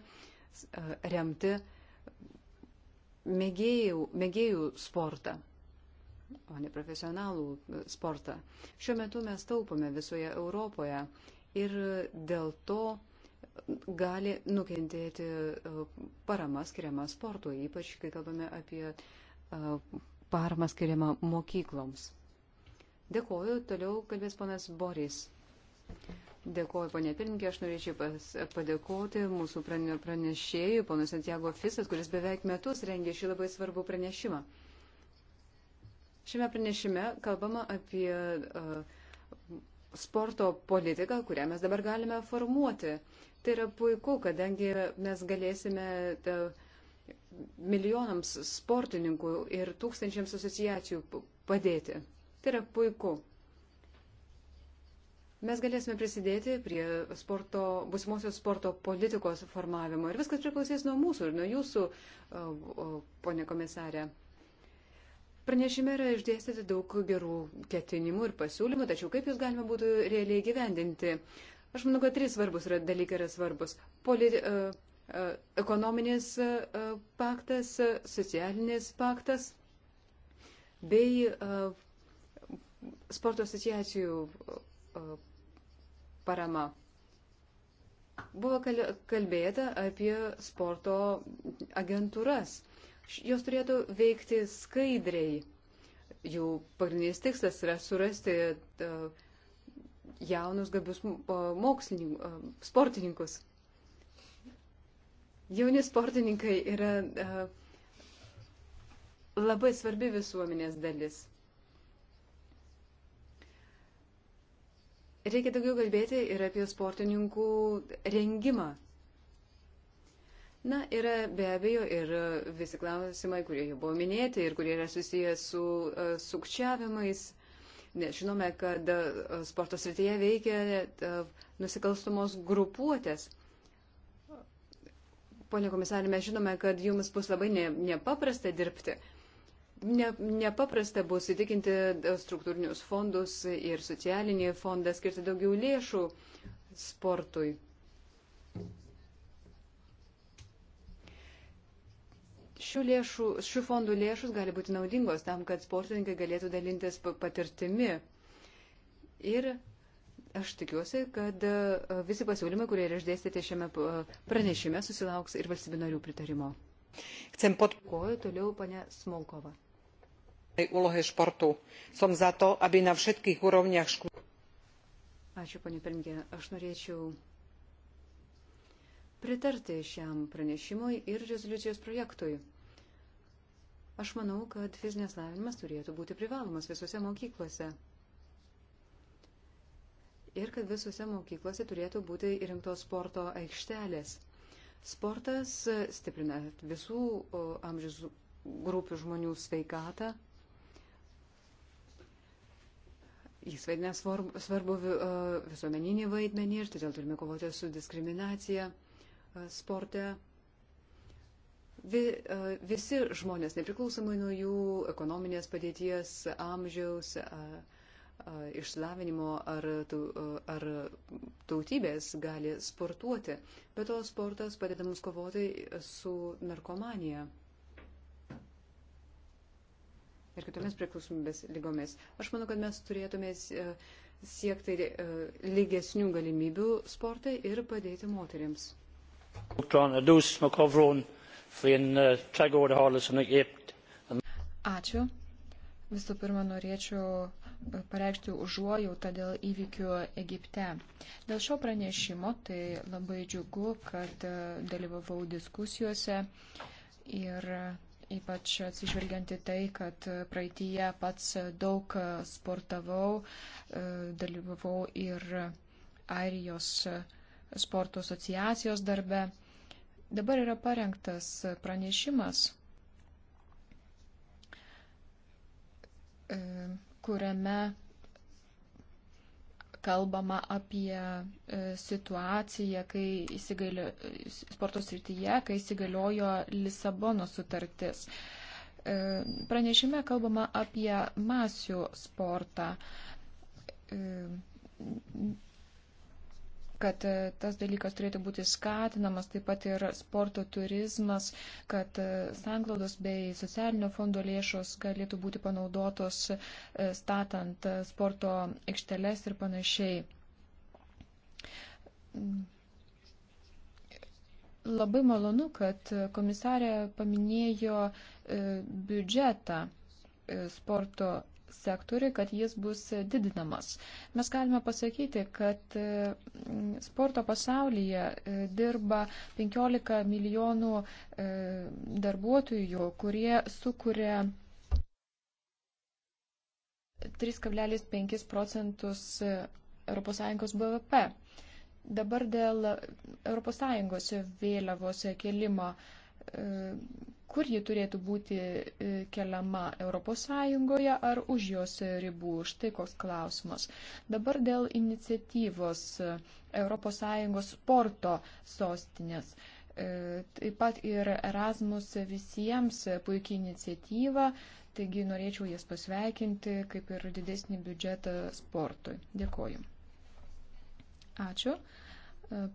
remti mėgėjų, mėgėjų sportą o ne profesionalų sportą. Šiuo metu mes taupome visoje Europoje ir dėl to gali nukentėti e, parama skiriama sportui, ypač kai kalbame apie e, paramą skiriamą mokykloms. Dėkoju, toliau kalbės ponas Boris. Dėkoju, ponė pirmininkė, aš norėčiau pas, padėkoti mūsų pranešėjui, ponas Santiago Fisas, kuris beveik metus rengė šį labai svarbų pranešimą. Šiame pranešime kalbama apie e, sporto politiką, kurią mes dabar galime formuoti. Tai yra puiku, kadangi mes galėsime e, milijonams sportininkų ir tūkstančiams asociacijų padėti. Tai yra puiku. Mes galėsime prisidėti prie sporto, busimosios sporto politikos formavimo ir viskas priklausys nuo mūsų ir nuo jūsų, e, ponė komisarė. Pranešime yra išdėstyti daug gerų ketinimų ir pasiūlymų, tačiau kaip jūs galima būtų realiai gyvendinti? Aš manau, kad trys svarbus yra dalykai yra svarbus. Polit, uh, e, uh, e, ekonominis uh, paktas, uh, socialinis paktas bei uh, sporto asociacijų uh, parama. Buvo kalbėta apie sporto agentūras. Jos turėtų veikti skaidriai. Jų pagrindinis tikslas yra surasti e, jaunus gabius mokslininkus, e, sportininkus. Jauni sportininkai yra e, labai svarbi visuomenės dalis. Reikia daugiau kalbėti ir apie sportininkų rengimą Na, yra be abejo ir visi klausimai, kurie jau buvo minėti ir kurie yra susiję su uh, sukčiavimais. Nes žinome, kad uh, sporto srityje veikia uh, nusikalstamos grupuotės. Pone komisarė, mes žinome, kad jums bus labai ne, nepaprasta dirbti. Ne, nepaprasta bus įtikinti struktūrinius fondus ir socialinį fondą skirti daugiau lėšų sportui. Šių, lėšų, šių fondų lėšus gali būti naudingos tam, kad sportininkai galėtų dalintis patirtimi. Ir aš tikiuosi, kad e, visi pasiūlymai, kurie yra išdėstyti šiame e, pranešime, susilauks ir valstybių narių pritarimo. Chcem podpokoju toliau pane Smolkova. Úlohe športu. Som za to, aby na všetkých úrovniach škôl. Ačiū, pane Pirmke. Aš norėčiau pritarti šiam pranešimui ir rezoliucijos projektui. Aš manau, kad fizinės lavinimas turėtų būti privalomas visose mokyklose. Ir kad visose mokyklose turėtų būti įrinktos sporto aikštelės. Sportas stiprina visų amžiaus grupių žmonių sveikatą. Jis vaidina svarbu, svarbu visuomeninį vaidmenį ir todėl turime kovoti su diskriminacija sporte. E, visi žmonės, nepriklausomai nuo jų ekonominės padėties, amžiaus, e, e, išslavinimo ar, ar tautybės, gali sportuoti. Bet to sportas padeda mums kovoti su narkomanija ir kitomis priklausomybės lygomis. Aš manau, kad mes turėtume siekti lygesnių galimybių sportai ir padėti moteriams. Eh, Ačiū. Visų pirma, norėčiau eh, pareikšti užuojautą dėl įvykių Egipte. Dėl šio pranešimo tai labai džiugu, kad eh, dalyvavau diskusijose ir ypač atsižvelgianti tai, kad praeitie pats daug sportavau, dalyvavau ir Airijos sporto asociacijos darbe. Dabar yra parengtas pranešimas, e, kuriame kalbama apie e, situaciją, kai įsigalio, sporto srityje, kai įsigaliojo Lisabono sutartis. E, pranešime kalbama apie masių sportą kad e, tas dalykas turėtų būti skatinamas, taip pat ir sporto turizmas, kad e, sanglaudos bei socialinio fondo lėšos galėtų būti panaudotos e, statant sporto aikšteles ir panašiai. Mm. Labai malonu, kad komisarė paminėjo biudžetą sporto sektoriui, kad jis bus didinamas. Mes galime pasakyti, kad e, sporto pasaulyje e, dirba 15 milijonų e, darbuotojų, kurie sukuria 3,5 procentus ES BVP. Dabar dėl ES vėliavos kelimo kur ji turėtų būti e, keliama ES ar už jos ribų. Štai koks klausimas. Dabar dėl iniciatyvos ES sporto sostinės. E, taip pat ir Erasmus visiems e, puikiai iniciatyva, taigi norėčiau jas pasveikinti, kaip ir didesnį biudžetą sportui. Dėkoju. Ačiū.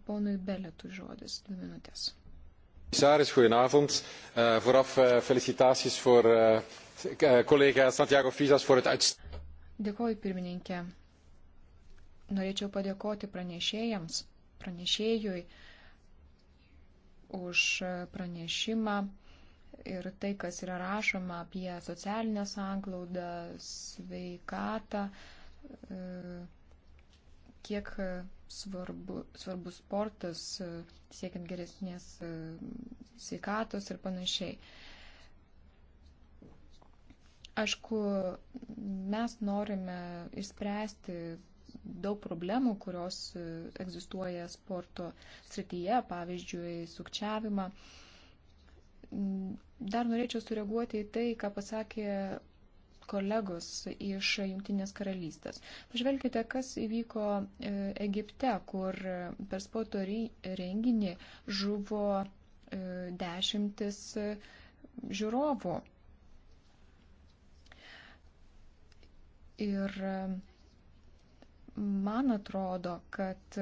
Ponui Beletui žodis, dvi minutės. Commissaris, goedenavond. Uh, vooraf uh, felicitaties voor uh, collega Santiago Fisas voor het uitstekend. Dėkoju pirmininkė. Norėčiau padėkoti pranešėjams, pranešėjui už pranešimą ir tai, kas yra rašoma apie socialinę sanglaudą, sveikatą, kiek svarbu, svarbus sportas, e, siekiant geresnės e, sveikatos ir panašiai. Aišku, mes norime išspręsti daug problemų, kurios e, egzistuoja sporto srityje, pavyzdžiui, sukčiavimą. Dar norėčiau sureaguoti į tai, ką pasakė kolegos iš Junktinės karalystės. Pažvelkite, kas įvyko e, Egipte, kur e, per sporto renginį žuvo e, dešimtis žiūrovų. Ir man atrodo, kad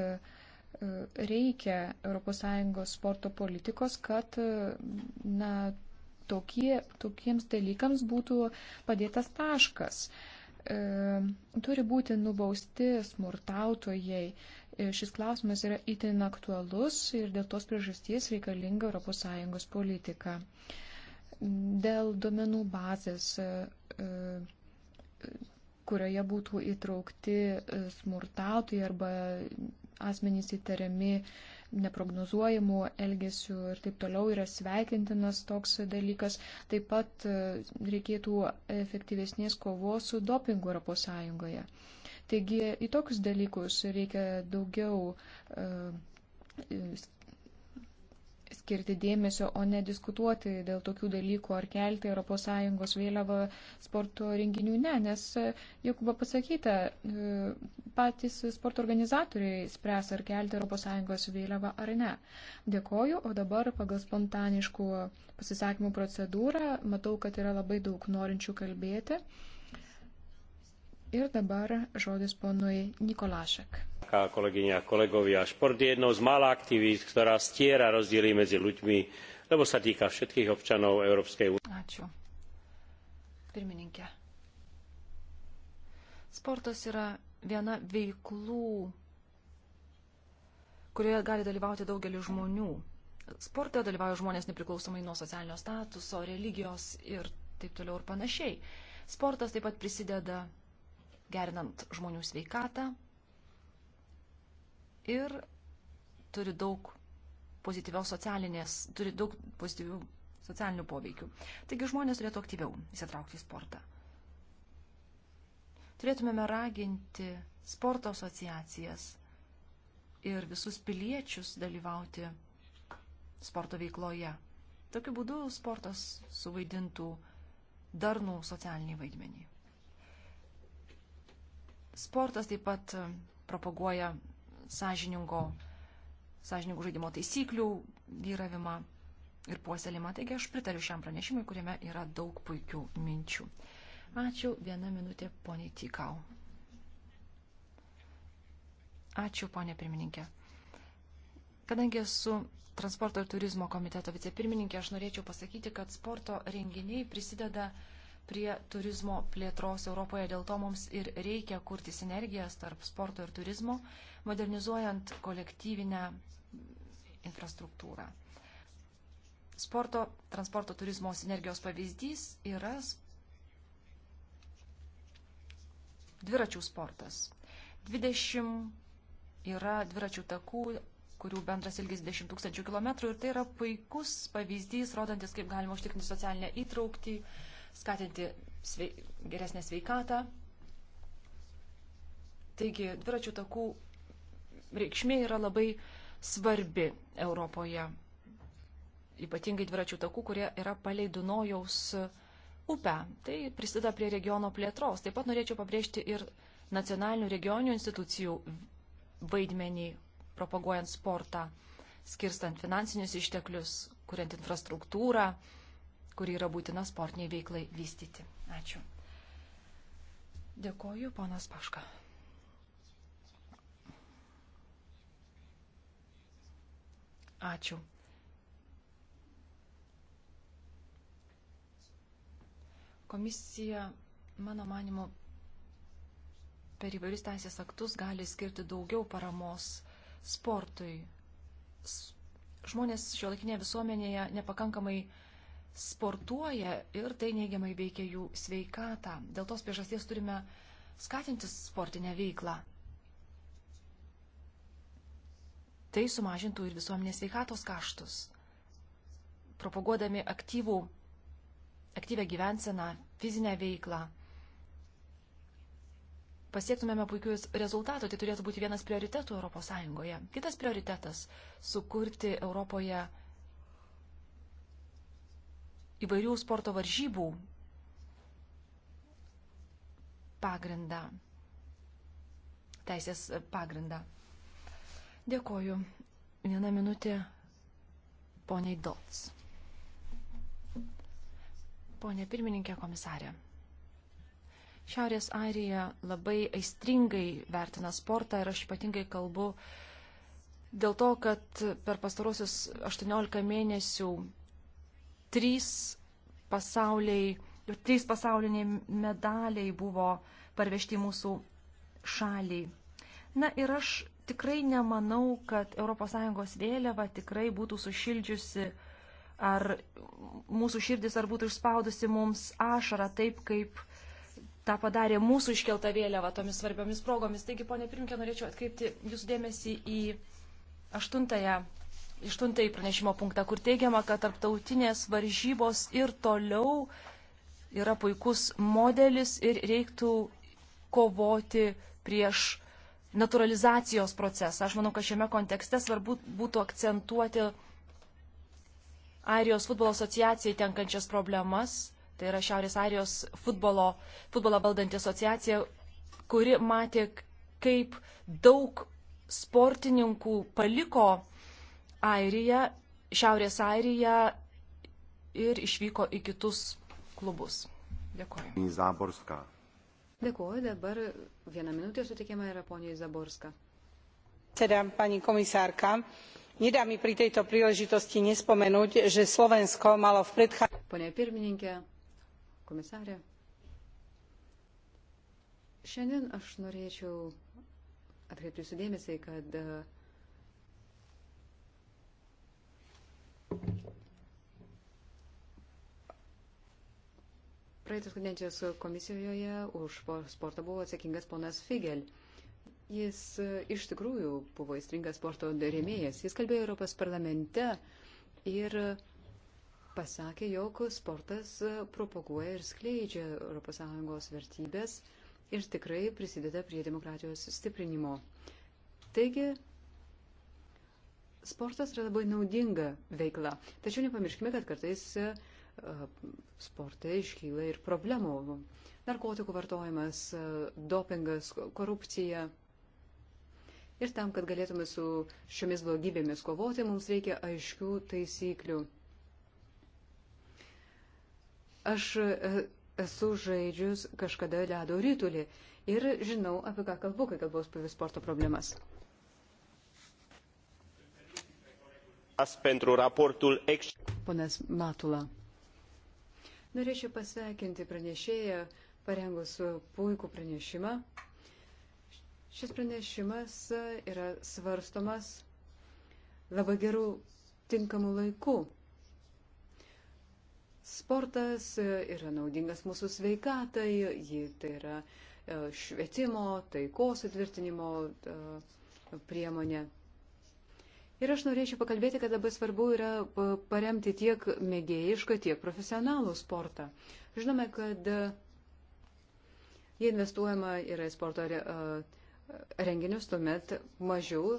reikia ES sporto politikos, kad na, tokie, tokiems dalykams būtų padėtas taškas. E, turi būti nubausti smurtautojai. E, šis klausimas yra itin aktualus ir dėl tos priežasties reikalinga ES politika. Dėl duomenų bazės, e, e kurioje būtų įtraukti e, smurtautojai arba asmenys įtariami e, neprognozuojamų elgesių ir taip toliau yra sveikintinas toks dalykas. Taip pat e, reikėtų efektyvesnės kovos su dopingu Europos Sąjungoje. Taigi į tokius dalykus reikia daugiau e, skirti dėmesio, o ne diskutuoti dėl tokių dalykų ar kelti ES vėliavą sporto renginių. Ne, nes jau buvo pasakyta, e, patys sporto organizatoriai spręs ar kelti ES vėliavą ar ne. Dėkoju, o dabar pagal spontaniškų pasisakymų procedūrą matau, kad yra labai daug norinčių kalbėti. Ir dabar žodis ponui Nikolašek. Kolegyňa, kolegovia, šport je jednou z mála aktivít, ktorá stiera rozdiely medzi ľuďmi, lebo sa týka všetkých občanov Európskej únie. Ačiū. Pirmininkė. Sportas yra viena veiklų, kurioje gali dalyvauti daugelis žmonių. Sporte dalyvauja žmonės nepriklausomai nuo socialinio statuso, religijos ir taip toliau ir panašiai. Sportas taip pat prisideda gerinant žmonių sveikatą ir turi daug pozityvios socialinės, turi daug pozityvių socialinių poveikių. Taigi žmonės turėtų aktyviau įsitraukti į sportą. Turėtumėme raginti sporto asociacijas ir visus piliečius dalyvauti sporto veikloje. Tokiu būdu sportas suvaidintų darnų socialinį vaidmenį. Sportas taip pat e, propaguoja sąžiningo, sąžiningų žaidimo taisyklių vyravimą ir puoselimą. Taigi aš pritariu šiam pranešimui, kuriame yra daug puikių minčių. Ačiū. Viena minutė, poniai Tikau. Ačiū, ponė pirmininkė. Kadangi esu transporto ir turizmo komiteto vicepirmininkė, aš norėčiau pasakyti, kad sporto renginiai prisideda prie prie turizmo plėtros Europoje. Dėl to mums ir reikia kurti sinergijas tarp sporto ir turizmo, modernizuojant kolektyvinę infrastruktūrą. Sporto, transporto turizmo sinergijos pavyzdys yra dviračių sportas. 20 yra dviračių takų, kurių bendras ilgis 10 tūkstančių kilometrų ir tai yra puikus pavyzdys, rodantis, kaip galima užtikrinti socialinę įtraukti, uh, skatinti svei, geresnę sveikatą. Taigi dviračių takų reikšmė yra labai svarbi Europoje. Ypatingai dviračių takų, kurie yra palei Dunojaus upę. Tai prisideda prie regiono plėtros. Taip pat norėčiau pabrėžti ir nacionalinių regionių institucijų vaidmenį propaguojant sportą, skirstant finansinius išteklius, kuriant infrastruktūrą, kuri yra būtina sportiniai veiklai vystyti. Ačiū. Dėkoju, ponas Paška. Ačiū. Komisija, mano manimo, per įvairius teisės aktus gali skirti daugiau paramos sportui. Žmonės šiuolaikinėje visuomenėje nepakankamai uh, sportuoja ir tai neigiamai veikia jų sveikatą. Dėl tos priežasties turime skatinti sportinę veiklą. Tai sumažintų ir visuomenės sveikatos kaštus. Propaguodami aktyvų, aktyvę gyvenseną, fizinę veiklą, pasiektumėme puikių rezultatų, tai turėtų būti vienas prioritetų ES. Kitas prioritetas - sukurti Europoje įvairių sporto varžybų pagrindą, teisės pagrindą. Dėkoju. Vieną minutę poniai Dots. Pone pirmininkė komisarė. Šiaurės Airija labai aistringai vertina sportą ir aš ypatingai kalbu dėl to, kad per pastarosius 18 mėnesių trys, pasauliai, trys pasauliniai medaliai buvo parvežti mūsų šaliai. Na ir aš tikrai nemanau, kad ES vėliava tikrai būtų sušildžiusi ar mūsų širdis ar būtų išspaudusi mums ašarą taip, kaip tą padarė mūsų iškelta vėliava tomis svarbiomis progomis. Taigi, ponė Primke, norėčiau atkreipti jūsų dėmesį į aštuntąją aštuntąjį pranešimo punktą, kur teigiama, kad tarptautinės varžybos ir toliau yra puikus modelis ir reiktų kovoti prieš naturalizacijos procesą. Aš manau, kad šiame kontekste svarbu būtų akcentuoti Airijos futbolo asociacijai tenkančias problemas. Tai yra Šiaurės Airijos futbolo, futbolo valdanti asociacija, kuri matė, kaip daug sportininkų paliko Airiją, Šiaurės Airiją ir išvyko į kitus klubus. Dėkuoju. Zaborska. Dėkuoju, dabar vieną minutę sutikėma yra poniai Zaborska. Sedam, pani komisarka, nedá mi pri tejto príležitosti nespomenúť, že Slovensko malo v predchá... Pone pirmininkė, komisarė, šiandien aš norėčiau atkreipti jūsų dėmesį, kad uh, Praeitos kadencijos komisijoje už sportą buvo atsakingas ponas Figel. Jis e, iš tikrųjų buvo įstringas sporto rėmėjas. Jis kalbėjo Europos parlamente ir pasakė, jog sportas e, propaguoja ir skleidžia ES vertybės ir tikrai prisideda prie demokratijos stiprinimo. Taigi, sportas yra labai naudinga veikla. Tačiau nepamirškime, kad kartais uh, E, sporte iškyla ir problemų. Narkotikų vartojimas, e, dopingas, korupcija. Ir tam, kad galėtume su šiomis blogybėmis kovoti, mums reikia aiškių taisyklių. Aš e, esu žaidžius kažkada ledo rytulį ir žinau, apie ką kalbu, kai kalbu apie sporto problemas. Ponas Matula. Norėčiau pasveikinti pranešėją parengus puikų pranešimą. Šis pranešimas e, yra svarstomas labai gerų tinkamų laikų. Sportas e, yra naudingas mūsų sveikatai, ji tai yra e, švietimo, taikos atvirtinimo priemonė. Ir aš norėčiau pakalbėti, kad labai svarbu yra paremti tiek mėgėjišką, tiek profesionalų sportą. Žinome, kad e, jei investuojama yra į sporto e, renginius, tuomet mažiau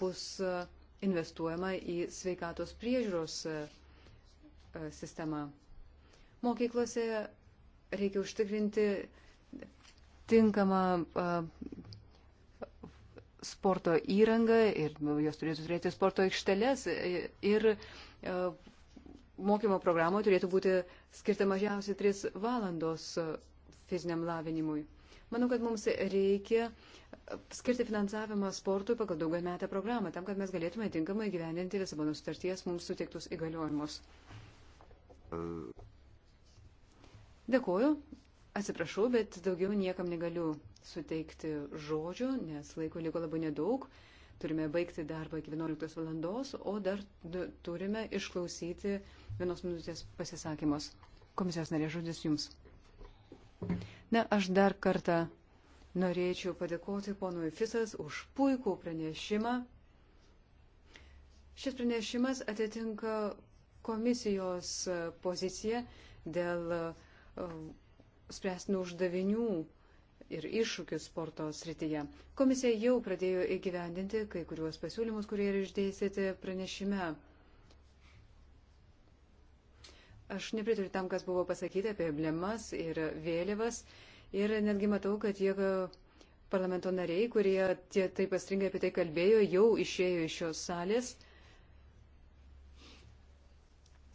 bus e, investuojama į sveikatos priežiūros sistemą. Mokyklose reikia užtikrinti tinkamą sporto įrangą ir jos turėtų turėti sporto aikšteles ir e, mokymo programoje turėtų būti skirta mažiausiai 3 valandos fiziniam lavinimui. Manau, kad mums reikia skirti finansavimą sportui pagal daugiametę programą, tam, kad mes galėtume tinkamai gyvendinti Lisabono sutarties mums suteiktus įgaliojimus. E. Dėkuoju. Atsiprašau, bet daugiau niekam negaliu suteikti žodžių, nes laiko liko labai nedaug. Turime baigti darbą iki 11 valandos, o dar turime išklausyti vienos minutės pasisakymus. Komisijos narė žodis jums. Na, aš dar kartą norėčiau padėkoti ponui Fisas už puikų pranešimą. Šis pranešimas atitinka komisijos poziciją dėl uh, spręstinų uždavinių ir iššūkių sporto srityje. Komisija jau pradėjo įgyvendinti kai kuriuos pasiūlymus, kurie yra išdėstyti pranešime. Aš nepritariu tam, kas buvo pasakyta apie emblemas ir vėliavas. Ir netgi matau, kad jie e, parlamento nariai, kurie tie, taip pastringai apie tai kalbėjo, jau išėjo iš šios salės.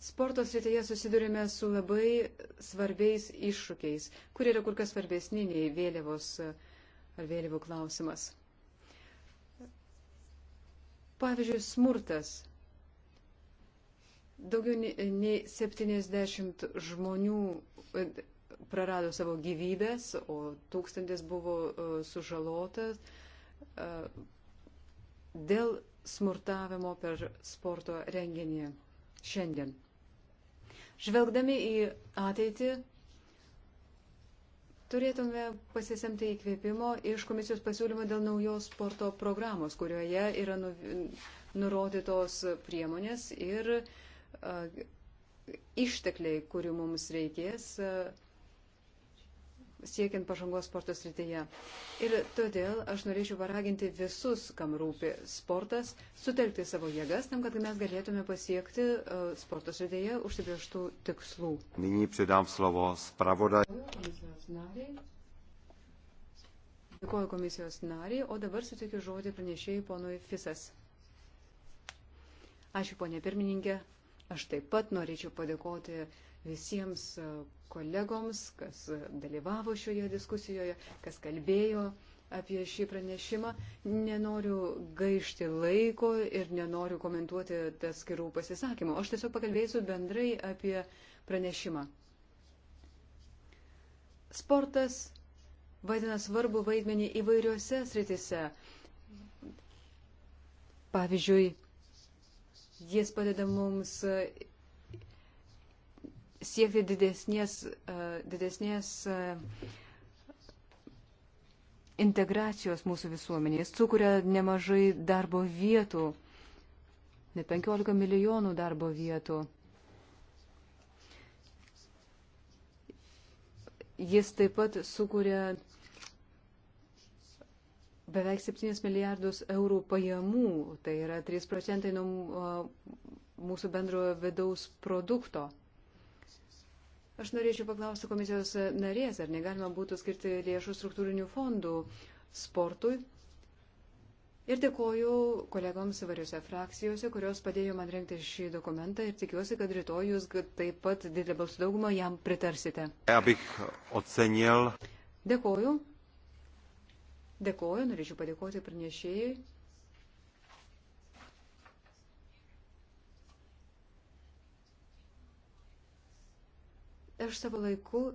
Sporto srityje susidurime su labai svarbiais iššūkiais, kurie yra kur kas svarbesni nei vėliavos ar vėliavų klausimas. Pavyzdžiui, smurtas. Daugiau nei 70 žmonių e, prarado savo gyvybės, o tūkstantis buvo e, sužalotas e, dėl smurtavimo per sporto renginį šiandien žvelgdami į ateitį, turėtume pasisemti įkvėpimo iš komisijos pasiūlymo dėl naujos sporto programos, kurioje yra nu, nurodytos priemonės ir uh, ištekliai, kurių mums reikės. Uh, siekiant pažangos sporto srityje. Ir todėl aš norėčiau paraginti visus, kam rūpi sportas, sutelkti savo jėgas tam, kad mes galėtume pasiekti e, sporto srityje užsibrieštų tikslų. Nyní předám slovo spravoda. Dėkuoju komisijos nariai, o dabar sutikiu žodį pranešėjai ponui Fisas. Ačiū, ponė pirmininkė. Aš taip pat norėčiau padėkoti uh, visiems e, kolegoms, kas dalyvavo šioje diskusijoje, kas kalbėjo apie šį pranešimą. Nenoriu gaišti laiko ir nenoriu komentuoti tas skirų pasisakymų. Aš tiesiog pakalbėsiu bendrai apie pranešimą. Sportas vaidina svarbu vaidmenį įvairiose sritise. Pavyzdžiui, jis padeda mums siekti didesnės, e, didesnės e, integracijos mūsų visuomenėje. Jis sukuria nemažai darbo vietų, net 15 milijonų darbo vietų. Jis taip pat sukuria beveik 7 milijardus eurų pajamų, tai yra 3 procentai nuo e, mūsų bendrojo vidaus produkto. Aš norėčiau paklausti komisijos narės, ar negalima būtų skirti lėšų struktūrinių fondų sportui. Ir dėkoju kolegoms įvairiose frakcijose, kurios padėjo man rengti šį dokumentą ir tikiuosi, kad rytoj jūs taip pat didelė balsų dauguma jam pritarsite. Dėkoju. Dėkoju, norėčiau padėkoti pranešėjai. Aš savo laiku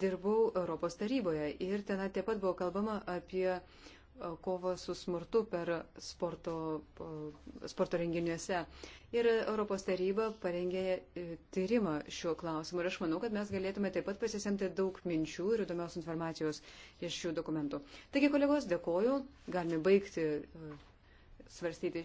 dirbau Europos taryboje ir ten taip pat buvo kalbama apie kovą su smurtu per sporto, sporto renginiuose. Ir Europos taryba parengė e, tyrimą šiuo klausimu. Ir aš manau, kad mes galėtume taip pat pasisemti daug minčių ir įdomios informacijos iš šių dokumentų. Taigi, kolegos, dėkoju. Galime baigti svarstyti.